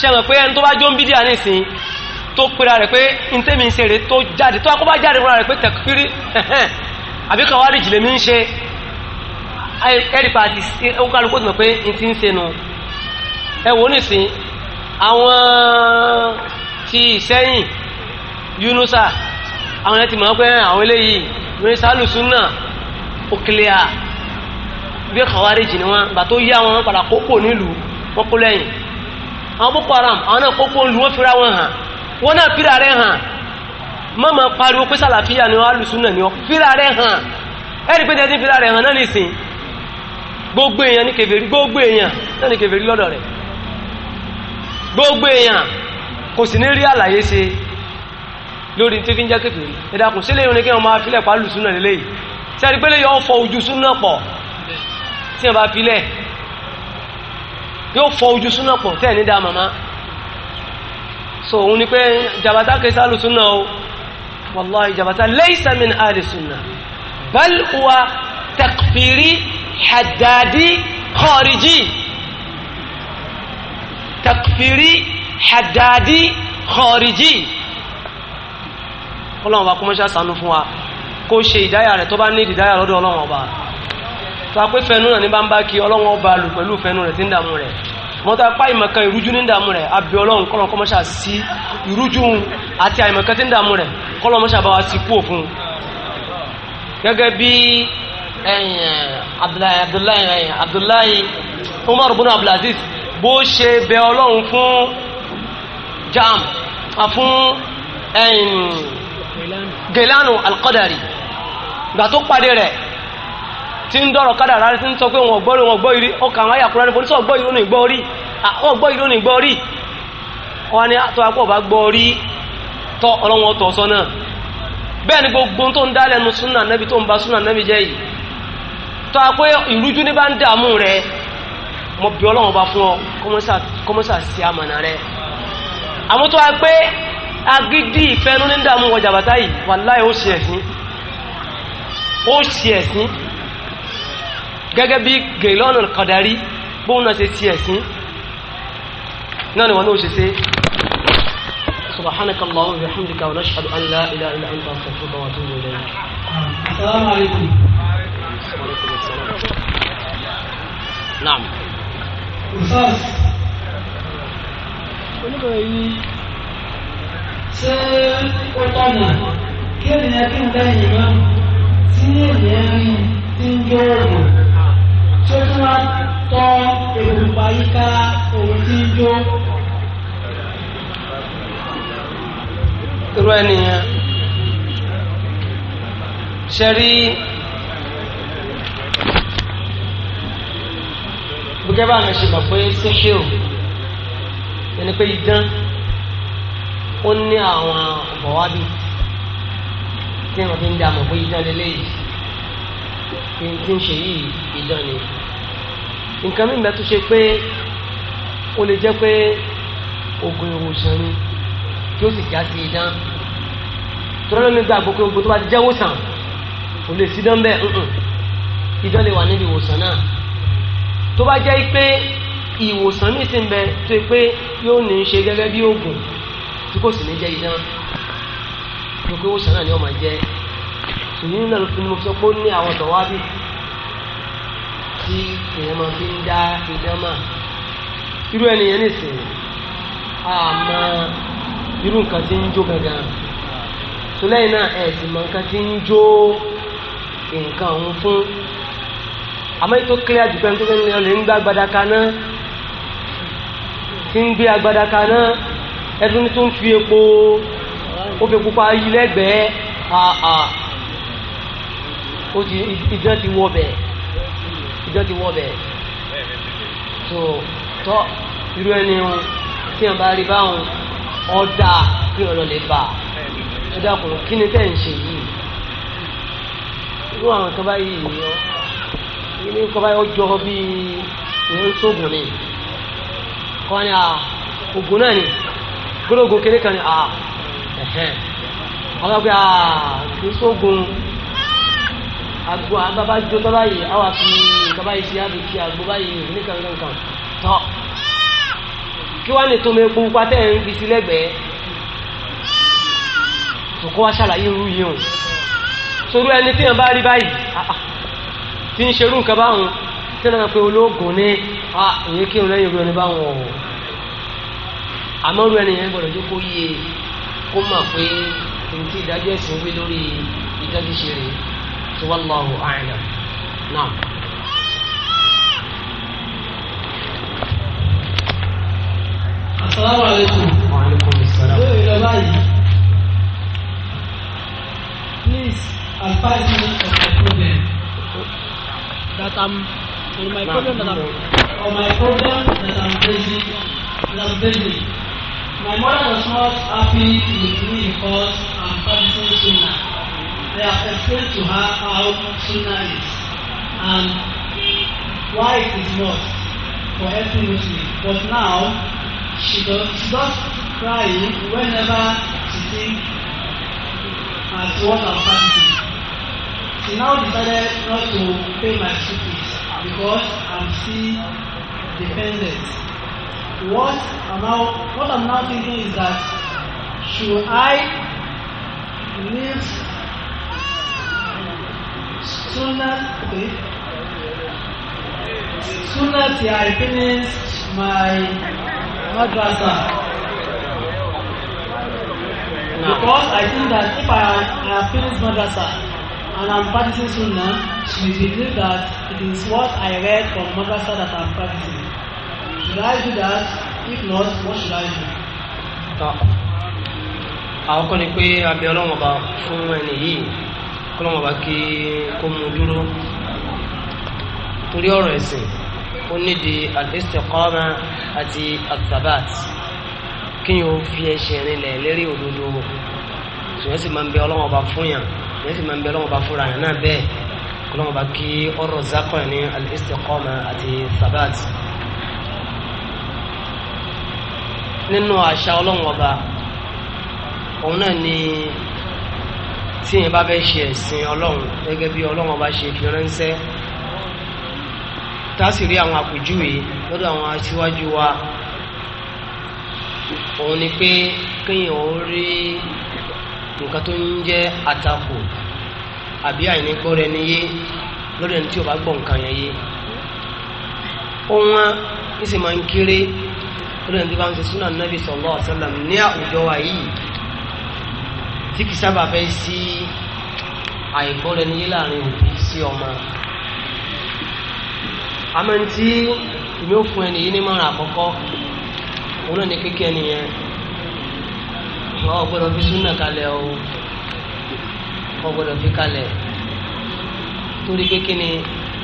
ṣẹ́wọ̀n pé ẹni tó bá jó ń bídíà nísìn tó pera rẹ̀ pé ntẹ́mi ń ṣe rè tó jáde tó akọ́ bá jáde fúnra rẹ̀ pé tẹ̀kírí àbí kan wárí jìlẹ̀ mi ń ṣe ẹ̀rì ti ń ṣe yunusa àwọn ẹ̀ ti mọ̀ pé àwọn eléyìí mẹ́sàlùsùn náà òkèlè à bí kan wárí jìnnì wọn gbà kó lẹ́yìn àwọn boko haram àwọn náà kókó lu wọn fira wọn hàn wọn náà fira rẹ hàn mọ́mọ́ pariwo pé sàlàfíà ni wọ́n ni wọ́n fira rẹ hàn ẹ̀rí pé tẹ́tí fira rẹ hàn náà nìsín gbogbo èèyàn ní kèfèrí gbogbo èèyàn náà ní kèfèrí lọ́dọ̀ rẹ̀ gbogbo èèyàn kò sì ní rí àlàyé ṣe lórí tí fi ń jẹ́ kèfèrí ìdàkùn sílẹ̀ ìrìn kí wọ́n máa filẹ̀ pàálù súnà lélẹ́yìí pé lè yọ fọ ojú pọ̀ tí wọ́n bá filẹ̀ yóò fọ ojú súnà pọ̀ tẹ́ ní dáa màmá so òun ni pé jabata kẹsà lù súnà o wallahi jabata laysa min ahli súnà bal huwa takfiri haddadi khariji takfiri haddadi khariji ọlọ́run wa kọ́mọ́ṣá sànú fún wa kó ṣe ìdáyà rẹ̀ tó bá ní ìdáyà lọ́dọ̀ ọlọ́run ọba tó a pé fẹnu náà ní bá ń bá kí ọlọ́wọ́n bá lù pẹ̀lú fẹnu rẹ̀ tí ń dààmú rẹ̀ wọ́n tó apá ìmọ̀kan ìrújú ní dààmú rẹ̀ abẹ́ ọlọ́run kọ́lọ̀ kọ́mọ́ṣà sí ìrújú àti àìmọ̀kan tí ń dààmú rẹ̀ kọ́lọ̀ mọ́ṣà bá wa ti kú òfun gẹ́gẹ́ bí Abdullahi Umar bin Abdulaziz bó ṣe bẹ ọlọ́run fún jam fún Gailanu al-Qadari gbà tó pàdé rẹ̀ tí ń dọ̀rọ̀ kádàrá tí ń sọ pé wọn gbọ́ rí wọn gbọ́ ìrí ọkà àwọn ayàkúrá ní polisi ọgbọ́ ìrónì gbọ́ rí àwọn gbọ́ ìrónì gbọ́ rí wọn ni àtọ́ akọ́ ah, bá gbọ́ rí tọ́ ọlọ́wọ́n tọ̀ sọ bẹ́ẹ̀ ni gbogbo tó ń dá lẹ́nu súnà nẹ́bi tó ń ba súnà nẹ́bi jẹ́ yìí tọ́ akọ́ ìrújú ní bá ń dààmú rẹ mo bí ọlọ́wọ́n bá fún ọ kọ́mọ́sà sí àmàna rẹ àmọ́ tó a pé agídí ní dààmú wọ jàbátá yìí wàláì ó ṣe ẹ̀sìn ó ṣe ẹ̀sìn gẹ́gẹ́ bí gèlọ́nù kọ̀dárí bóun náà ṣe ti ẹ̀ sí náà ni wọn náà ṣe ṣe subhanaka Allahumma wa bihamdika wa nashhadu an la ilaha illa anta astaghfiruka wa atubu ilayk. assalamu alaykum. naam. ustaz oníbẹ̀rẹ̀ yìí ṣé ó tọ̀nà kí ènìyàn kí n bẹ́ẹ̀ yìí tí èèyàn rí tí ń jó òògùn tí ó tún wá tọ́ òògùn pàyíká òun tí ń jó. irú ẹnìyàn ṣe rí gbogbo bá mi ṣe mọ̀ pé ṣíṣíò ẹni pé idán ó ní àwọn ọ̀bọ̀wá bíi tí wọn fi ń dààmú pé idán lélẹ̀ yìí kí n ti ń ṣe yìí idán ni nǹkan mi bẹ tó ṣe pé ó lè jẹ́ pé oògùn ìwòsàn ni tí ó sì já sí idán tọ́lọ́ mi gbàgbọ́ pé gbogbo tó bá ti jẹ́wọ́ sàn kò lè sí dán bẹ́ẹ̀ idán lè wà níbi ìwòsàn náà tó bá jẹ́ pé ìwòsàn mi ti ń bẹ tó yẹ pé yóò ní í ṣe gẹ́gẹ́ bí oògùn tí kò sì ní jẹ́ idán tó pé òòṣà náà ni ọmọ jẹ́ èyí náà ló fi mo sọ pé ó ní àwọn tọ̀wábì tí èèyàn máa fi ń dá idán mà irú ẹnìyẹn nìsín àmọ́ irú nǹkan tí ń jó gangan tó lẹ́yìn náà ẹ̀ sì mọ nǹkan tí ń jó nǹkan òun fún àmọ́ ètò kílíà jù pẹ́ńtó pé ní ọlẹ́ ń gbá agbada kaná tí ń gbé agbada kaná ẹdún tó ń fi epo ó fi pupa yí lẹ́gbẹ̀ẹ́ àà ó ti idán ti wọ bẹ̀ idán ti wọ bẹ̀ tó tọ́ irú ẹni o tí wọn bá rí báwọn ọ̀dà kí ọ̀rọ̀ lè bà ó dàpọ̀ kí ni tẹ́ ń ṣe yìí irú àwọn kan báyìí yìí ọ́ ní kan báyìí ó jọ bíi ìyẹn sóògùn ni kọ́ni à ògùn náà ni gbọ́dọ̀ ògùn kéré kan ni à àwọn àgbẹ̀ àti sógun àgbo àbábá jó tó báyìí àwọn àfi nǹkan báyìí ṣe àbí fi àgbo báyìí nìkan nìkan tọ́ kí wàá ní tó mi kú pátẹ́ ń fi sí lẹ́gbẹ̀ẹ́ tòkó wá ṣàlàyé irú yìí o sorú ẹni tí yẹn bá rí báyìí tí ń ṣerú nǹkan báwọn tí wọn pe ológun ní ìyẹn kírun lẹ́yìn ìrú ẹni báwọn o àmọ́ irú ẹni yẹn gbọ́dọ̀ jókòó yìí kó mọ̀ pé ntí ìdájọ́ ẹ̀sìn wí lórí ìdájọ́ṣe rẹ̀ tí wọ́n lọ ọ̀hún àìlẹ̀ náà. asalaamu aleykum. wa aleykum salaam. lórí lọ báyìí please advise me on my problem that I'm on my problem that I'm on my problem that I'm facing that I'm facing. My mother was not happy with me because I'm practicing Sunnah. I have explained to her how Sunnah is and why it is not for every Muslim. But now she does stop crying whenever she thinks at what I'm practicing. She now decided not to pay my school fees because I'm still dependent what am I, what I'm now thinking is that should I live sooner, okay, sooner till I finish my madrasa? Because I think that if I, I finish madrasa and I'm practicing sooner, she believe that it is what I read from madrasa that I'm practicing. Should I do that? If not, what should I do? Tọ́ àwọn kan ní pé abẹ ọlọ́wọ́n ọba fún ẹni yìí kọ́lọ́wọ́n ọba kí kó mú dúró torí ọ̀rọ̀ ẹ̀sìn ó nídìí al-istiqama àti al-thabat kí yóò fi ẹsẹ̀ rinlẹ̀ lérí òdodo ṣùgbọ́n sì máa ń bẹ ọlọ́wọ́n ọba fún yàn ṣùgbọ́n sì máa ń bẹ ọlọ́wọ́n ọba fúnra yàn náà bẹ́ẹ̀ kọ́lọ́wọ́n ọba kí ọ̀rọ̀ zákọ̀ ní al-istiqama àti thabat. nínú àṣà ọlọ́run ọba òun náà ni tí yẹn bá fẹ́ ṣe ẹ̀sìn ọlọ́run gẹ́gẹ́ bí ọlọ́run ọba ṣe fi ránṣẹ́ tá a sì rí àwọn àpèjúwe lọ́dọ̀ àwọn aṣíwájú wa òun ni pé kéèyàn ó rí nǹkan tó ń jẹ́ àtakò àbí àìní níyé lọ́dọ̀ ẹni tí ò bá gbọ́ yẹn yé. ó wọ́n ń sì máa ń kéré olóyìn tí bá ń ṣe súnà nàbì sallallahu alaihi wasallam ní àwùjọ wa yìí tí kì sábà fẹ́ sí àìgbọ́ra ẹni yé láàrin òbí sí ọmọ àmọ́ tí èmi ò fún ẹni yìí ní mọ́ràn àkọ́kọ́ òun náà ní kékeré nìyẹn wọn ò fi súnà kalẹ̀ o wọn ò gbọ́dọ̀ fi kalẹ̀ torí kékeré ni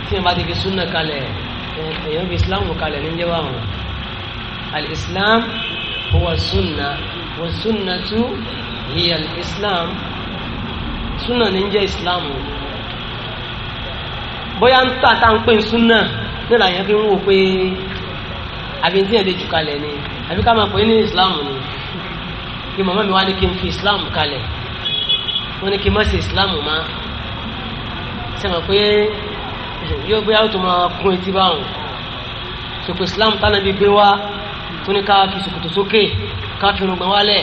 tí wọn bá ti fi súnà kalẹ̀ èèyàn fi islam kalẹ̀ níjẹ́ wà الإسلام هو السنة والسنة هي الإسلام سنة نجا إسلام bóyá ń tà tá à ń pè ń súnà ní làyẹn fi ń wò pé àbí tí yẹn lè jù kalẹ̀ ni àbí ká máa pè ní islam ni kí màmá mi wá ní kí n fi islam kalẹ̀ wọ́n ní kí n má ṣe islam mọ́ sẹ́mi pé yóò gbé àwọn tó máa kún etí báwọn ṣòkò islam tánà bí gbé wá tó ní ká fi sòkòtò sókè ká fi irùngbọ̀n wálẹ̀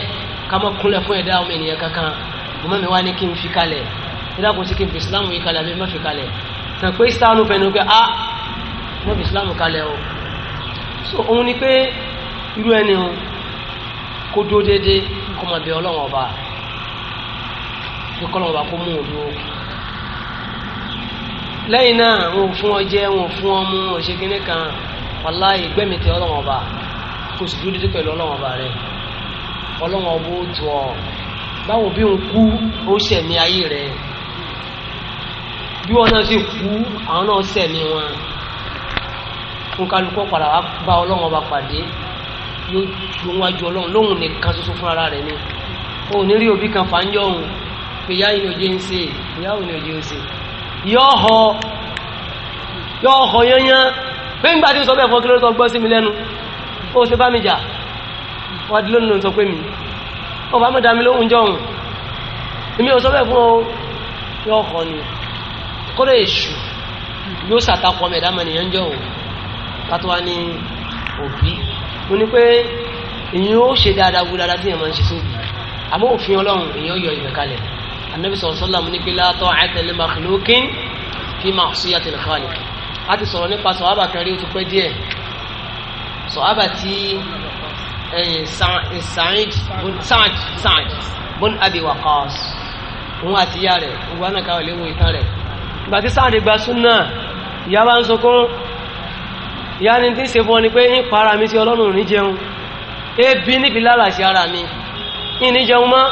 ká má kúnlẹ̀ fún ẹ̀dá ọmọ ènìyàn kankan ìmọ̀ mi wá ní kí n fi kalẹ̀ nígbà sí kí n fi islam yìí kalẹ̀ àbí má fi kalẹ̀ tàn pé sànù fẹ́ni pé a má fi islam kalẹ̀ o so òun ni pé irú ẹni o kó dúró déédéé kó máa bẹ ọlọ́wọ́n ọba bí kọ́lọ́wọ́n ọba kó mú òun dúró lẹ́yìn náà wọn ò fún ọ jẹ wọn ò fún ọ mú ọ̀ṣẹ́gínní kan wàláhì gbẹ́mìtì ọlọ́wọ́n ọba kò sì dúró dídí pẹ̀lú ọlọ́wọ́n ọba rẹ ọlọ́wọ́n ọba ó tù ọ báwo bí n kú ó ṣẹ̀mí ayé rẹ bí wọn náà sì kú àwọn náà ṣẹ̀mí wọn nkálukọ́ padà wá bá ọlọ́wọ́n ọba pàdé yóò ju wájú ọlọ́run lóhùn nìkan ṣoṣo fún ara rẹ ni o ní rí òbí kan fàájọ òun pé yá ìyẹn òjé ń ṣe ìyá òun ni òjé ń ṣe yọ họ yọ họ yányán pé ńgbà tí sọ bẹ́ẹ̀ fọ́ kí ló sọ gbọ́ sí mi lẹ́nu ó ti bá mi jà wọ́n adúlọ́ nínú sọ pé mi ó bá mi dá mi lóhùn jọ̀hún èmi ò sọ bẹ́ẹ̀ fún ọ yọ ọkọ ni kọ́dọ̀ èṣù yóò ṣàtakọ̀ ọmọ ẹ̀dá mọ̀nìyàn jọ̀hún látọ́ wá ní òbí mo ní pé èyàn ó ṣe dáadáa wú dáadáa tí èèyàn máa ń ṣe sóbì àmọ́ òfin ọlọ́run èèyàn yọ ìwẹ̀ kalẹ̀ anabi sọ̀rọ̀ sọ́lá mu ní pé la ta'ata li makhluqin fi ma'siyatil khaliq a ti sọ̀rọ̀ nípa sọ̀rọ̀ abàkẹ́rẹ́ ó ti pẹ́ díẹ̀ sọ̀hábà tí eh, eh, Sa'id Sa'id Sa'id bun Abi Waqqas òun àti ìyá rẹ̀ gbogbo àná káwọn léwu ìtàn rẹ̀ ìgbà tí Sa'id gba súnà ìyá bá ń sọkún ìyá ni tí ń ṣe fún ọ ni pé ń para mi sí ọlọ́run ní jẹun ebi níbi lálàsí ara mi ní jẹun mọ́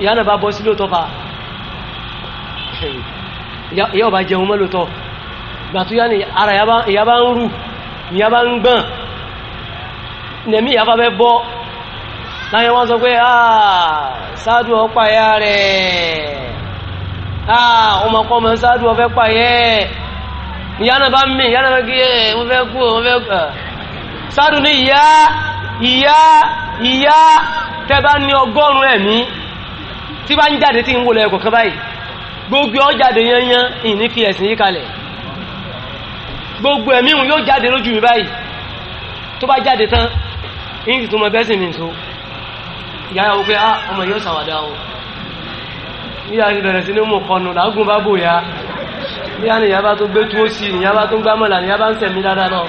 ìyá náà bá bọ́ sí lóòótọ́ fa ìyá ọba jẹun mọ́ lóòótọ́ ara ìyá bá ń Ah, ya ah, ba ń gbọ̀n nẹ̀mí ìyá bá bọ́ láyé wọ́n sọ pé ṣáàdù ọ̀pá ẹ̀yà rẹ̀ ọmọkọ́mọ ṣáàdù ọ̀fẹ́ pa ẹ̀yẹ ìyá náà bá mí ìyá náà bá kí wọ́n fẹ́ kú wọ́n fẹ́ kú ṣáàdù ní ìyá ìyá ìyá tẹ́ bá ní ọgọ́rùn ẹ̀mí tí bá ń jáde tí ń wọlé ẹ̀kọ̀ọ̀kan báyìí gbogbo ọjáde yanyan ìní fi ẹ̀sìn gbogbo ẹ̀mí òun yóò jáde lójú mi báyìí tó bá jáde tán ní tó mọ bẹ́sì mi so ìyá yà wò pé ah ọmọ yóò ṣàwàdà o níyà ti bẹ̀rẹ̀ sí ní mú kọnu làágùn bá bò ya níyà ni ìyá bá tó gbé tó sí ìyá bá tó gbámọ̀là ìyá bá ń sẹ̀mí dáadáa lọ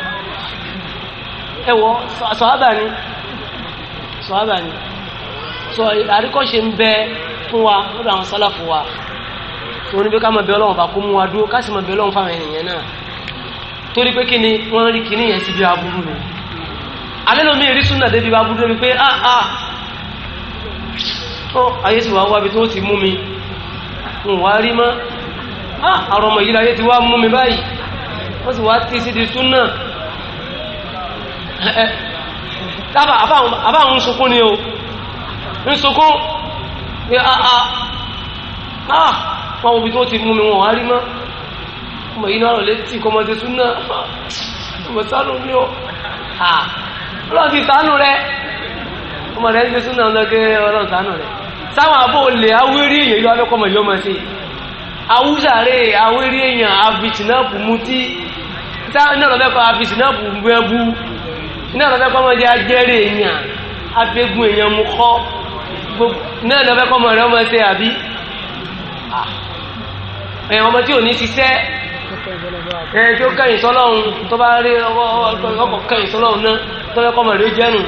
sọ̀hábà ni sọ̀hábà ni sọ àríkọ́ṣe ń bẹ fún wa lọ́dọ̀ àwọn sálàfù wa tó ní bí ká mọ̀ bẹ́ bá kó mú wa dúró ká sì torí pé kí ni wọ́n rí kíní yẹn sí bí aburú ni alẹ́ lómi rí súnà débi aburú débi pé ah ah tó ayé sì wá wábi tó ti mú mi n wá rí mọ́ ah àrọ̀ ọmọ yìí láyé ti wá mú mi báyìí wọ́n sì wá tí sí di súnà àbáwọn ń sunkún ni o ń sunkún ni ah ah ah wọ́n wo bí tó ti mú mi wọ́n wá rí mọ́ mọ̀ yìí náà rọ̀ létí kọmọdé súnà mọ̀ sánú mi ò ọlọ́run ti sánú rẹ ọmọ rẹ ń ṣe súnà lọ́gẹ́ ọlọ́run sánú rẹ sáwọn àbò olè awérí èyàn ìlú abẹ́kọ̀mọ̀ yóò mọ̀ sí awúsàrè awérí èyàn abìtìnàbù mutí náà lọ́bẹ́kọ̀ abìtìnàbù mẹ́bú náà lọ́bẹ́kọ̀ ọmọdé ajẹ́rẹ̀ èyàn abẹ́gun èyàn mú kọ́ náà lọ́bẹ́kọ̀ ọmọ rẹ ọmọ ṣe àbí ẹ̀yàn ọmọ tí ò ní ṣiṣẹ́ ẹ tí ó kẹyìn sọlọ́run tó bá rí ọkọ̀ kẹyìn sọlọ́run náà tó fẹ́ kọ́mọ̀ rí jẹ́nu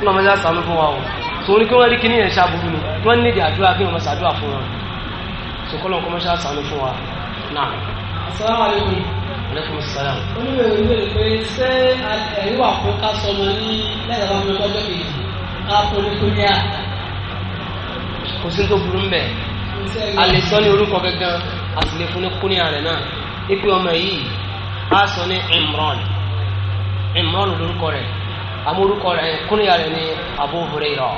ọlọ́mọ ẹja sànú fún wa o sòrí kí wọ́n rí kíní yẹn ṣàbùrù ni wọ́n ní ìdí àdúrà kí wọ́n máa ṣàdúrà fún wọn sòkòlọ́ nǹkan mọ́ṣá sànú fún wa náà. asalaamualeykum. aleykum salaam. onímọ̀ ìwé rẹ̀ pé ṣé ẹ̀rí wà fún ká sọmọ ní lẹ́yìn àwọn ọmọ ẹgbẹ́ kejì ká polókóníà. kò sí tó a lè sọ ní orúkọ gangan a sì lè fún ní kúnìyà rẹ̀ náà ipe ọmọ yìí a sọ ní Imran Imran lórúkọ rẹ̀ àmọ́ orúkọ rẹ̀ kúnìyà rẹ̀ ní Abu Hurairah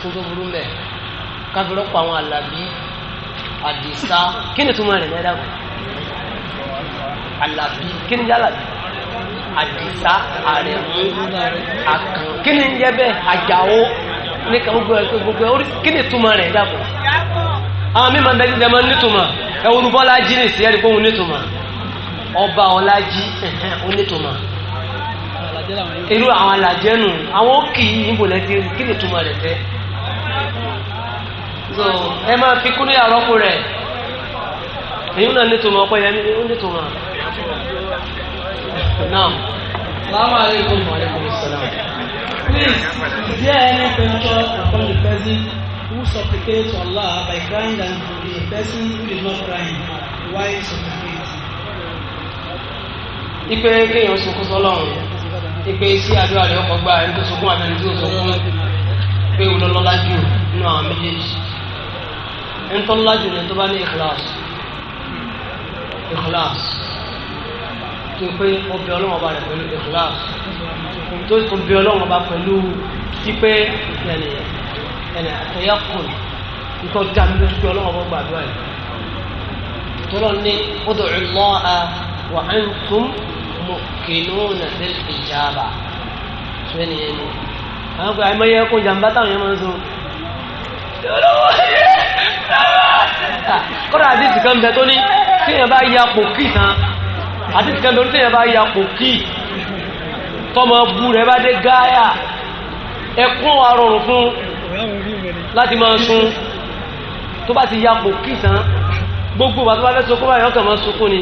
tuntun burú mbẹ káfíńrọ́pọ̀ àwọn alábí àdìsá kí ni túmọ̀ rẹ̀ ní ẹ̀dá kan alabi kini jẹ alabi adisa aremu akan kini jẹ bẹ ajawo ní kan gbogbo ẹ̀ gbogbo ẹ̀ orí kí ni túmọ̀ rẹ̀ dàpọ̀ àwọn mímọ̀ bẹ́ẹ̀ ti dẹ́mọ̀ nítumọ̀ ẹ̀wọ̀n olùbọ́lájí ní ìsìyẹ́rì pé òun nítumọ̀ ọba ọlájí òun nítumọ̀ irú àwọn alàjẹ́ nù àwọn òkì níbo lẹ́tí kí ni túmọ̀ rẹ̀ fẹ́ ẹ máa fi kún ní àrọ́pò rẹ̀ èyí náà nítumọ̀ ọ̀pọ̀ yẹn ó nítumọ̀ náà. Assalamu alaikum wa alaikum assalam. There any premature upon the person who supplicates Allah by crying than to the person who is not crying while supplicates. Ipe kéèyàn sunkún sọ́lọ́run. Ipe sí àdúrà rẹ̀ ọkọ̀ gbà ẹni tó sunkún àtẹni tí ò sunkún. Pé o lọ́lọ́lá jù nínú àwọn méjèèjì. Ẹni tó lọ́lá jù ni tó bá ní ìkìláàsì. Ìkìláàsì. Kí n pé obìnrin ọlọ́mọba rẹ̀ pẹ̀lú ìkìláàsì dákun tó tún bí ọlọ́run ọba pẹ̀lú pípẹ́ ẹnì ẹnì àtẹ̀yà kùn nítorí dá mi lójú pé ọlọ́run ọba gbàdúrà yìí tọ́lọ́ ní ud'u Allaha wa antum muqinuna bil ijaba tó ẹnì yẹn ni àwọn pé àìmọye ẹkọ jàǹbá táwọn yẹn máa ń sọ kọ́dà àdìsí kan bẹ tó ní tíyẹn bá ya pò kì tán àdìsí kan bẹ tó ní tíyẹn bá ya pò kì tọmọ bú rẹ bá dé gáyà ẹkún wa rọrùn fún láti máa sun tó bá ti ya pò kí tán gbogbo wa tó bá fẹ́ sunkún báyìí ọkàn máa sunkún ni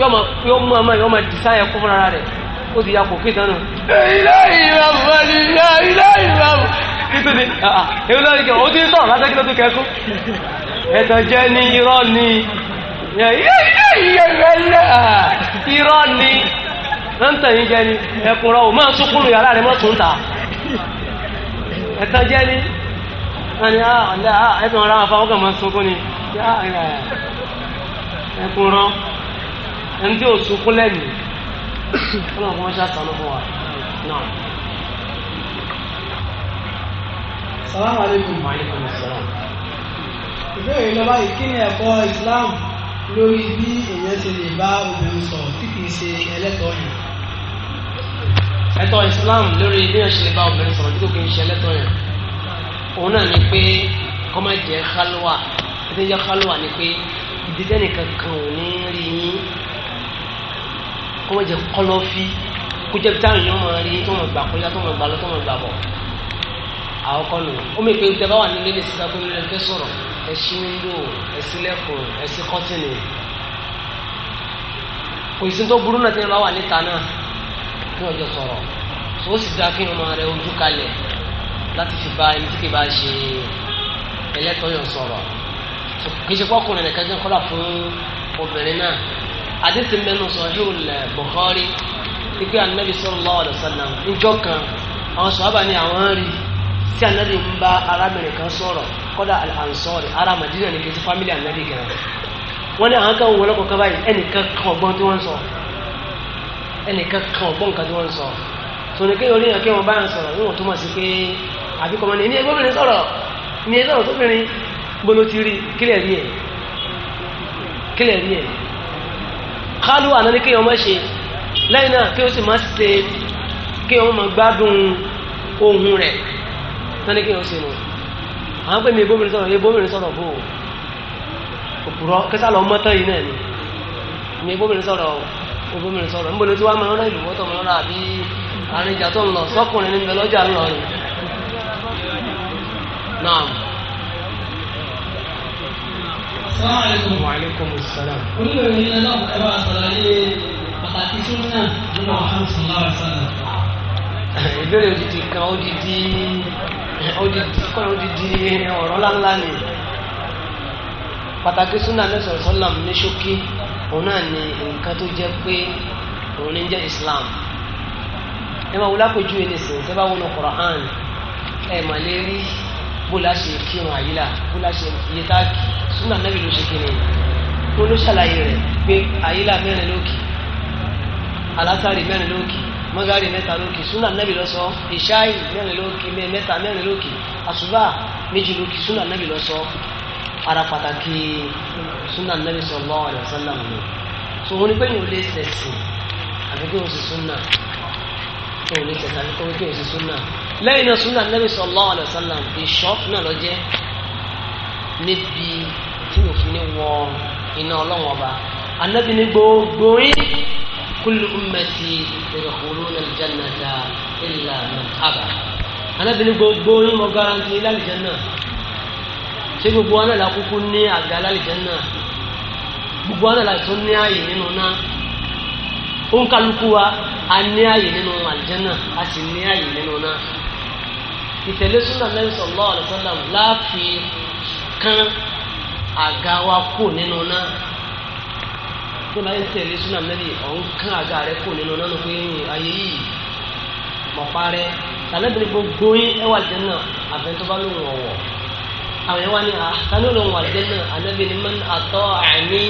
yọ ma yọ mú ọmọ yọ ma dìsá yẹ kún fúnra rẹ ó ti ya pò kí tán nù. ilé ìrànwọ́ ni ilé ìrànwọ́ nítorí èyí ló ń kẹ́ ọ ti ń sọ̀rọ̀ lásán kí ló tún kẹ́kún ẹ̀tàn jẹ́ ní irọ́ ni irọ́ ni ń tàn yín jẹ ni ẹkùn rọ ò máa sókúrò yàrá rẹ mọ́ tún ta ẹ̀tàn jẹ ni ẹni ẹ̀tàn ọ̀rá àfa ọkàn máa sunkún ni ẹkùn rọ ẹni tí ò sunkún lẹ́nu ọlọ́run kan ṣáà sànú fún wa náà. salamu aleykum maaleykum salam ìbéèrè lọ́wọ́ ìkíni ẹ̀kọ́ Islam lórí bí èèyàn ṣe lè bá obìnrin sọ̀rọ̀ tí kìí ṣe ẹlẹ́tọ̀ọ́ yìí ẹ̀tọ́ Islam lórí bí wọ́n ṣe lè bá obìnrin sọ̀rọ̀ dípò kí n ṣe lẹ́tọ̀ yẹn òun náà ni pé kọ́mọ̀ jẹ́ kálúwà ẹ̀tọ́ jẹ́ kálúwà ni pé ibi tẹ́nì kankan ò ní rí yín kọ́mọ̀ jẹ́ kọ́lọ́fí kó jẹ́ táwọn èèyàn máa rí tó mọ̀ gbà kọjá tó mọ̀ gbà lọ tó mọ̀ gbà bọ̀ àwọn kọ́ nù ó mi pé tẹ bá wà nílé lè sísá pé nílé fẹ́ sọ̀rọ̀ ẹ ṣí wíńdò ẹ ṣílẹ̀kùn ẹ ṣí kọ́tìnì kò fún ọjọ́ sọ̀rọ̀ ó sì dá kí ọmọ rẹ ojú kalẹ̀ láti fi bá ẹni tí kì í bá ṣe ẹlẹ́tọ̀ọ́yọ̀ sọ̀rọ̀ kì í ṣe pọ́kùnrin nìkan jẹ́ kọ́lá fún obìnrin náà àdéhùn mẹ́nu sọ̀híù lẹ̀ Bukhari ipe anabi sallallahu alaihi wasallam njọ́ kan àwọn sọ̀hábà ni àwọn rí tí anabi ń bá arábìnrin kan sọ̀rọ̀ kọ́dà al-ansori ará Madina ní kí n ti fámìlì anabi gan wọ́n ní àwọn kan wọlé kọ́kọ́ báyìí ẹnìkan kan ọgbọ́n tí wọ́n ń sọ̀rọ̀ ẹnìkan kan ọgbọ́n nǹkan tí wọ́n ń sọ tòun kí orí yàn kí wọ́n bá ń sọ̀rọ̀ níwọ̀n tó mọ̀ sí pé àbíkọ́ mọ́ ni ní ẹgbẹ́ obìnrin sọ̀rọ̀ ní ẹgbẹ́ ọ̀rọ̀ tóbìnrin gbolo ti rí kílẹ̀ rí ẹ̀ kílẹ̀ rí ẹ̀ kálù àná ni kí wọ́n mọ̀ ṣe lẹ́yìn náà kí wọ́n sì má ṣe kí wọ́n mọ̀ gbádùn ohun rẹ̀ náà ni kí wọ́n ṣe nù àwọn pé mi ebóbìnrin sọ̀rọ̀ ebóbìnrin sọ̀rọ̀ bò obìnrin sọ̀rọ̀ níbo ló ti wá máa ń rán ìlúwọ́ tó máa ń rà bí àárín ìjà tó ń lọ sọ́kùnrin níbi lọ́jà ń lọ rìn. naam. sọ́wọ́n aleykum salaam. olùdókòwò yìí lọ́wọ́ ẹ̀rọ àtàlàyé pàtàkì súnmọ́ nípa ọ̀hún kan òdìdí ọ̀rọ̀ ńláńlá ni pàtàkì súnmọ́ àmì sọ̀rọ̀ sọ́lá ní ṣókí òun náà ni nǹkan tó jẹ́ pé òun ní jẹ́ islam ẹ máa wo lápẹjú yìí nìsín tẹ́ bá wọnú Qur'an ẹ máa lè rí bó láṣẹ kírun àyílà bó láṣẹ iye táàkì súnà nàbì ló ṣe kíni wọn ló ṣàlàyé rẹ̀ pé àyílà mẹ́rin lókì alásàrì mẹ́rin lókì mọ́gàrì mẹ́ta lókì súnà nàbì ló sọ ìṣáì mẹ́rin lókì mẹ́ta mẹ́rin lókì àṣùbà méjì lókì súnà nàbì ló sọ ara pàtàkì sunna nabi sallallahu alaihi wasallam ni so wọn ni pé yóò lè sẹ̀sìn àti kí o sì sunna kí o lè sẹ̀sìn àti kí o sì sunna lẹ́yìn náà sunna nabi sallallahu alaihi wasallam ìṣọ́ náà lọ jẹ́ níbi tí òfin ni wọ iná ọlọ́wọ́n ọba anabi ni gbogbo yín kullu ummati yadkhuluna al-jannata illa man anabi ni gbogbo yín mo garanti lálẹ́ jẹ́ ṣé gbogbo wa náà la kúkú ní àga lálejò náà gbogbo wa náà la tún ní ààyè nínú náà òun kálukú wa a ní ààyè nínú àlùjànnà a sì ní ààyè nínú náà ìtẹ̀lé súnà Nábì sallallahu alaihi wasallam láàfin kan àga wa kù nínú náà tó máa ń tẹ̀lé súnà Nábì ọ̀hún kan àga rẹ̀ kù nínú náà ló pé ayé yìí mọ̀pá rẹ̀ tàbí gbogbo yín ẹwà àlùjànnà àfẹ́ntọ́ bá lóun ọ̀wọ̀ àwọn yẹn wá ní àtàní olóhùn àlùjẹ́nà ànábì ni mọ́n àtọ́ àní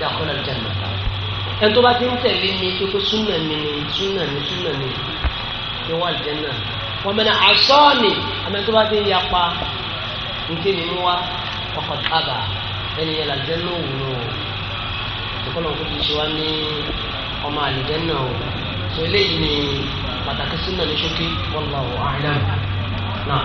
dàkọ́nà àlùjẹ́nà ẹni tó bá ti ń tẹ̀lé mi tó tó súnà mi ni súnà mi súnà mi ni wọ́n àlùjẹ́nà wọ́n mẹ́ni àsọ́ọ̀nì àmì tó bá ti ń yapa nké mi mú wa ọkọ̀ tábà ẹni yẹn làlùjẹ́nà òwúrò ìkọlọ̀ kó ti ṣe wá ní ọmọ àlùjẹ́nà o tó eléyìí ni pàtàkì súnà ní ṣókí wallahu a'lam náà.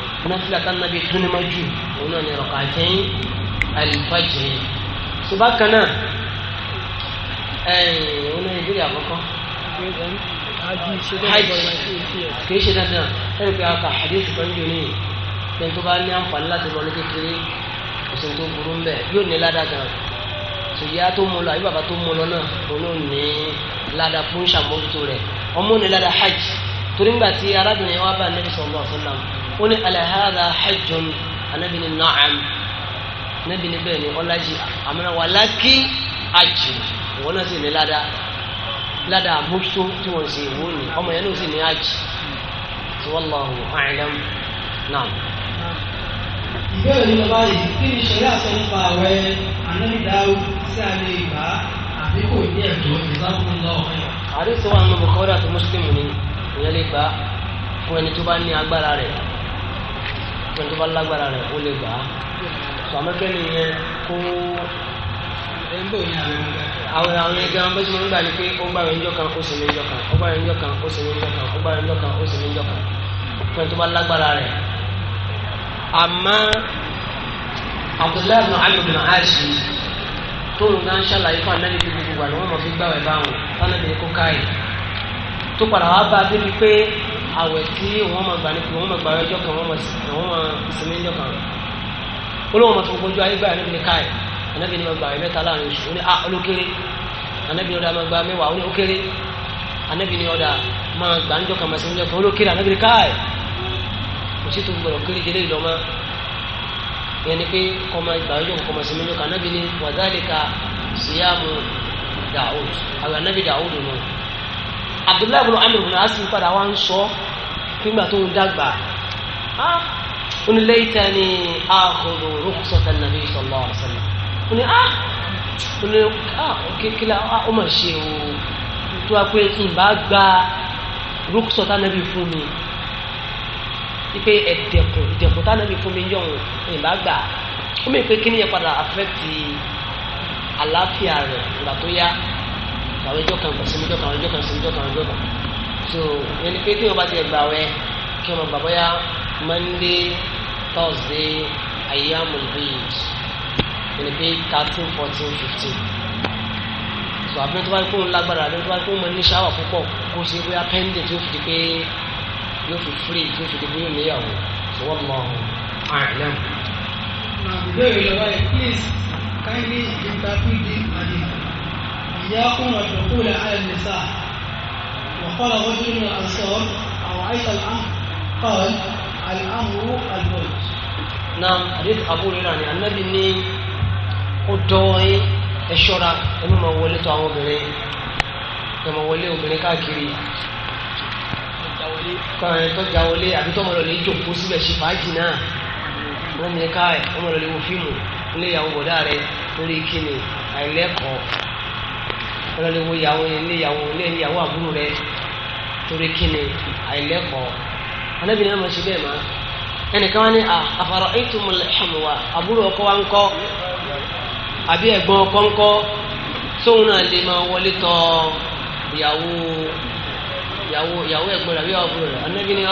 nafila tá nàbí túnimá jù òun náà ní ọkọ àjẹyìn àlùfájì ṣùgbọ́n kan náà ẹ̀yìn òun náà ìbéèrè àkọ́kọ́ kì í ṣe dandan ẹni pé aka hadith kan jù ní ẹni tó bá ní àǹfààní láti lọ ní kékeré òsèǹ tó burú mbẹ yóò ní ládàá gan ìyá tó mú lọ àbí bàbá tó mú lọ náà òun náà ní ládàá fún ìṣàmójútó rẹ ọmọ ní ládàá hajj torí ngbà tí arábìnrin wa bá anabi sallallahu alaihi wasallam ó ní alahada hajjun anabi ni na'am anabi ni bẹ́ẹ̀ ni ọlájì àmọ́ wàlákì àjì wọn náà sì ní ládàá ládàá àmójútó tí wọ́n sì wó ni ọmọ yẹn náà sì ní àjì tí wọ́n lọ wò àìlẹ́m náà. ìbéèrè ní bàbá yìí kí ni ṣẹlẹ̀ àṣọ nípa ààrẹ anabi dáwó sí àlè ìgbà àbíkò ní ẹ̀dọ́ ìgbà fún lọ́wọ́. àdéhùn tó wà nínú Bukhari àti Muslim ni èèyàn lè gbà fún ẹni tó bá ní agbára rẹ̀ fún ẹni tó bá lágbára rẹ̀ ó lè gbà á sọmọkẹ́ nìyẹn kó àwọn àwọn yẹn gan bó ti mọ̀ nígbà ni pé ó gbà yẹn jọ kan ó sì ní jọ kan ó gbà yẹn jọ kan ó sì ní jọ kan ó gbà yẹn jọ kan ó sì ní jọ kan fún ẹni tó bá lágbára rẹ̀ àmọ́ Abdullahi bin Amr bin Ashi tóun gan ṣàlàyé fún anabi gbogbo wa wọ́n mọ̀ fi gbàwẹ̀ báwọn fún anabi kó káyìí tó padà wá bá a débi pé àwẹ̀ tí wọ́n máa gbà ní kí wọ́n máa gbà ọjọ́ kan wọ́n máa ìsinmi ọjọ́ kan olóhùn máa fi gbogbo ojú ayé gbà níbi ní káyì anábì ní máa gbà mẹ́ta láàrin oṣù ó ní a ah, olókéré anábì ní ọ̀dà máa gbà mẹ́wàá ó ní ókéré anábì ní ọ̀dà máa gbà níjọ́ kan máa sinmi ọjọ́ kan olókéré anábì ní káyì kò sí tó gbọdọ̀ kéré jẹlé ìlọ mọ́ ìyẹn ni pé kọ́ máa gbà ọjọ́ kan máa sinmi ọjọ́ kan anábì ní wàzálìkà síyàmù dàwùd àwọn anábì dàwùd nù abdullahi bin amir bin asin padà wá ń sọ nígbà tó ń dàgbà ó ní lẹ́yìntà ni àkọlù rukhsatan nàbí sallallahu alaihi wasallam ó ní ah ó ní ah kékeré ó mà ṣe o tó wá pé kí n bá gba rukhsatan nàbí fún mi ipe ẹ̀dẹ̀kùn ìdẹ̀kùn tá nàbí fún mi yọ̀hún kí bá gbà ó mẹ́ pé kí ni yẹn padà affect àlàáfíà rẹ̀ ìgbà tó yá kàwé jọ kan sinmi jọ kan jọ kan sinmi jọ kan jọ kan so yẹn ni pé kí wọn bá tiẹ̀ gbàwẹ̀ kí wọn gbà bóyá monday thursday ayyamul bid yẹn ni pé thirteen fourteen fifteen so àbẹ̀rẹ̀ tó bá kó lágbára àbẹ̀rẹ̀ tó bá kó mọ ní ṣáwà púpọ̀ kó ṣe bóyá pending tó fi di pé yóò fi free tó fi di pé yóò níyàwó so wọ́n mọ àìlẹ́mù. na ìbéèrè lọ́wọ́ yẹn please kindly interpret me. and سياق والدخول على النساء وقال رجل من الأنصار أرأيت الأمر قال الأمر الزوج نعم حديث أبو هريرة النبي ني أدوي الشرع إنه ما ولدت أو بني كما ولي obìnrin káàkiri tó jáwọlé àbí tó mọ̀lọ́lẹ̀ ìjòkó síbẹ̀ ṣe fàájì náà wọ́n ní ká ẹ̀ wọ́n mọ̀lọ́lẹ̀ wo fíìmù nílé ìyàwó bọ̀dá rẹ̀ lórí kíni àìlẹ́kọ̀ọ́ lọ́lẹ́wọ́ ìyàwó ilé ìyàwó ilé ìyàwó àbúrò rẹ torí kíni àìlẹ́kọ̀ọ́ anábì náà máa ṣe bẹ́ẹ̀ máa ẹnìkan wá ní àfàrọ̀ ìtumọ̀ lẹ́hàmùwà àbúrò ọkọ wa ń kọ́ àbí ẹ̀gbọ́n ọkọ ń kọ́ sóun náà lè máa wọlé tọ̀ ìyàwó ìyàwó ìyàwó ẹ̀gbọ́n rẹ̀ àbí ìyàwó àbúrò rẹ̀ anábì ní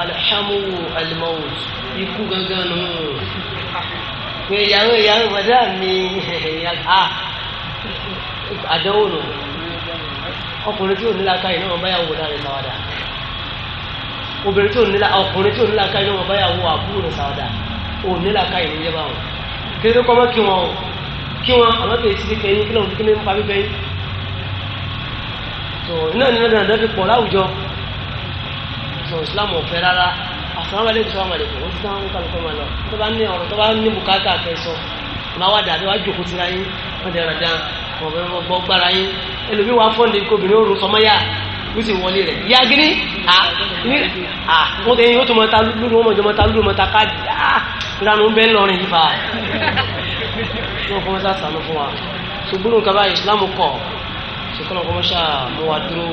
alẹ́hàmù alimọ́wò ikú gangan nù pé ìyàwó ìyàwó ìbàdàn mi ẹ̀yà àdánwò nù ọkùnrin tí ò nílá ká iná wọn bá yàwó dáre sáwádà obìnrin tí ò nílá ọkùnrin tí ò nílá ká iná wọn bá yàwó àbúrò rẹ sáwádà ò nílá ká iná yẹ báwọn kí ló kọ́ mọ́ kí wọn o kí wọn àmọ́ kì í sí kẹyìn kí lóun kí ní pa bíbẹ́ yìí tó iná ní lọ́dún àdán pọ̀ láwùjọ tó Islam ọ̀fẹ́ rárá àsàlámù aláìkùm sàlámù aláìkùm ó ti tán ń kálukọ́ máa lọ tó bá ní ọ̀rọ̀ tó bá ní ọ̀bọ̀ gbára yín ẹlòmíì wá fọ́ǹdì kóbìnrin òru sọmọ́yà ló sì wọlé rẹ̀ ìyá gíní wọ́n tẹ̀yìn yóò tún mọ́ta lúdú wọ́n mọ̀jọ́ mọ́ta lúdú mọ́ta káàdì ìranú bẹ́ẹ̀ lọ́rin yìí fa wọ́n fọ́n sá sànú fún wa ṣùgbọ́n kaba ìsìlámù kọ̀ ṣùgbọ́n kọ́ mọ́ṣá mo wà dúró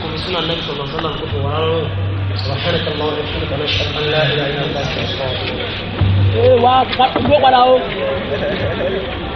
kò fi súnà nẹ́bí sọ̀rọ̀ sọ́nà kò fi wọ́n rárá سبحانك اللهم وبحمدك نشهد ان لا اله الا انت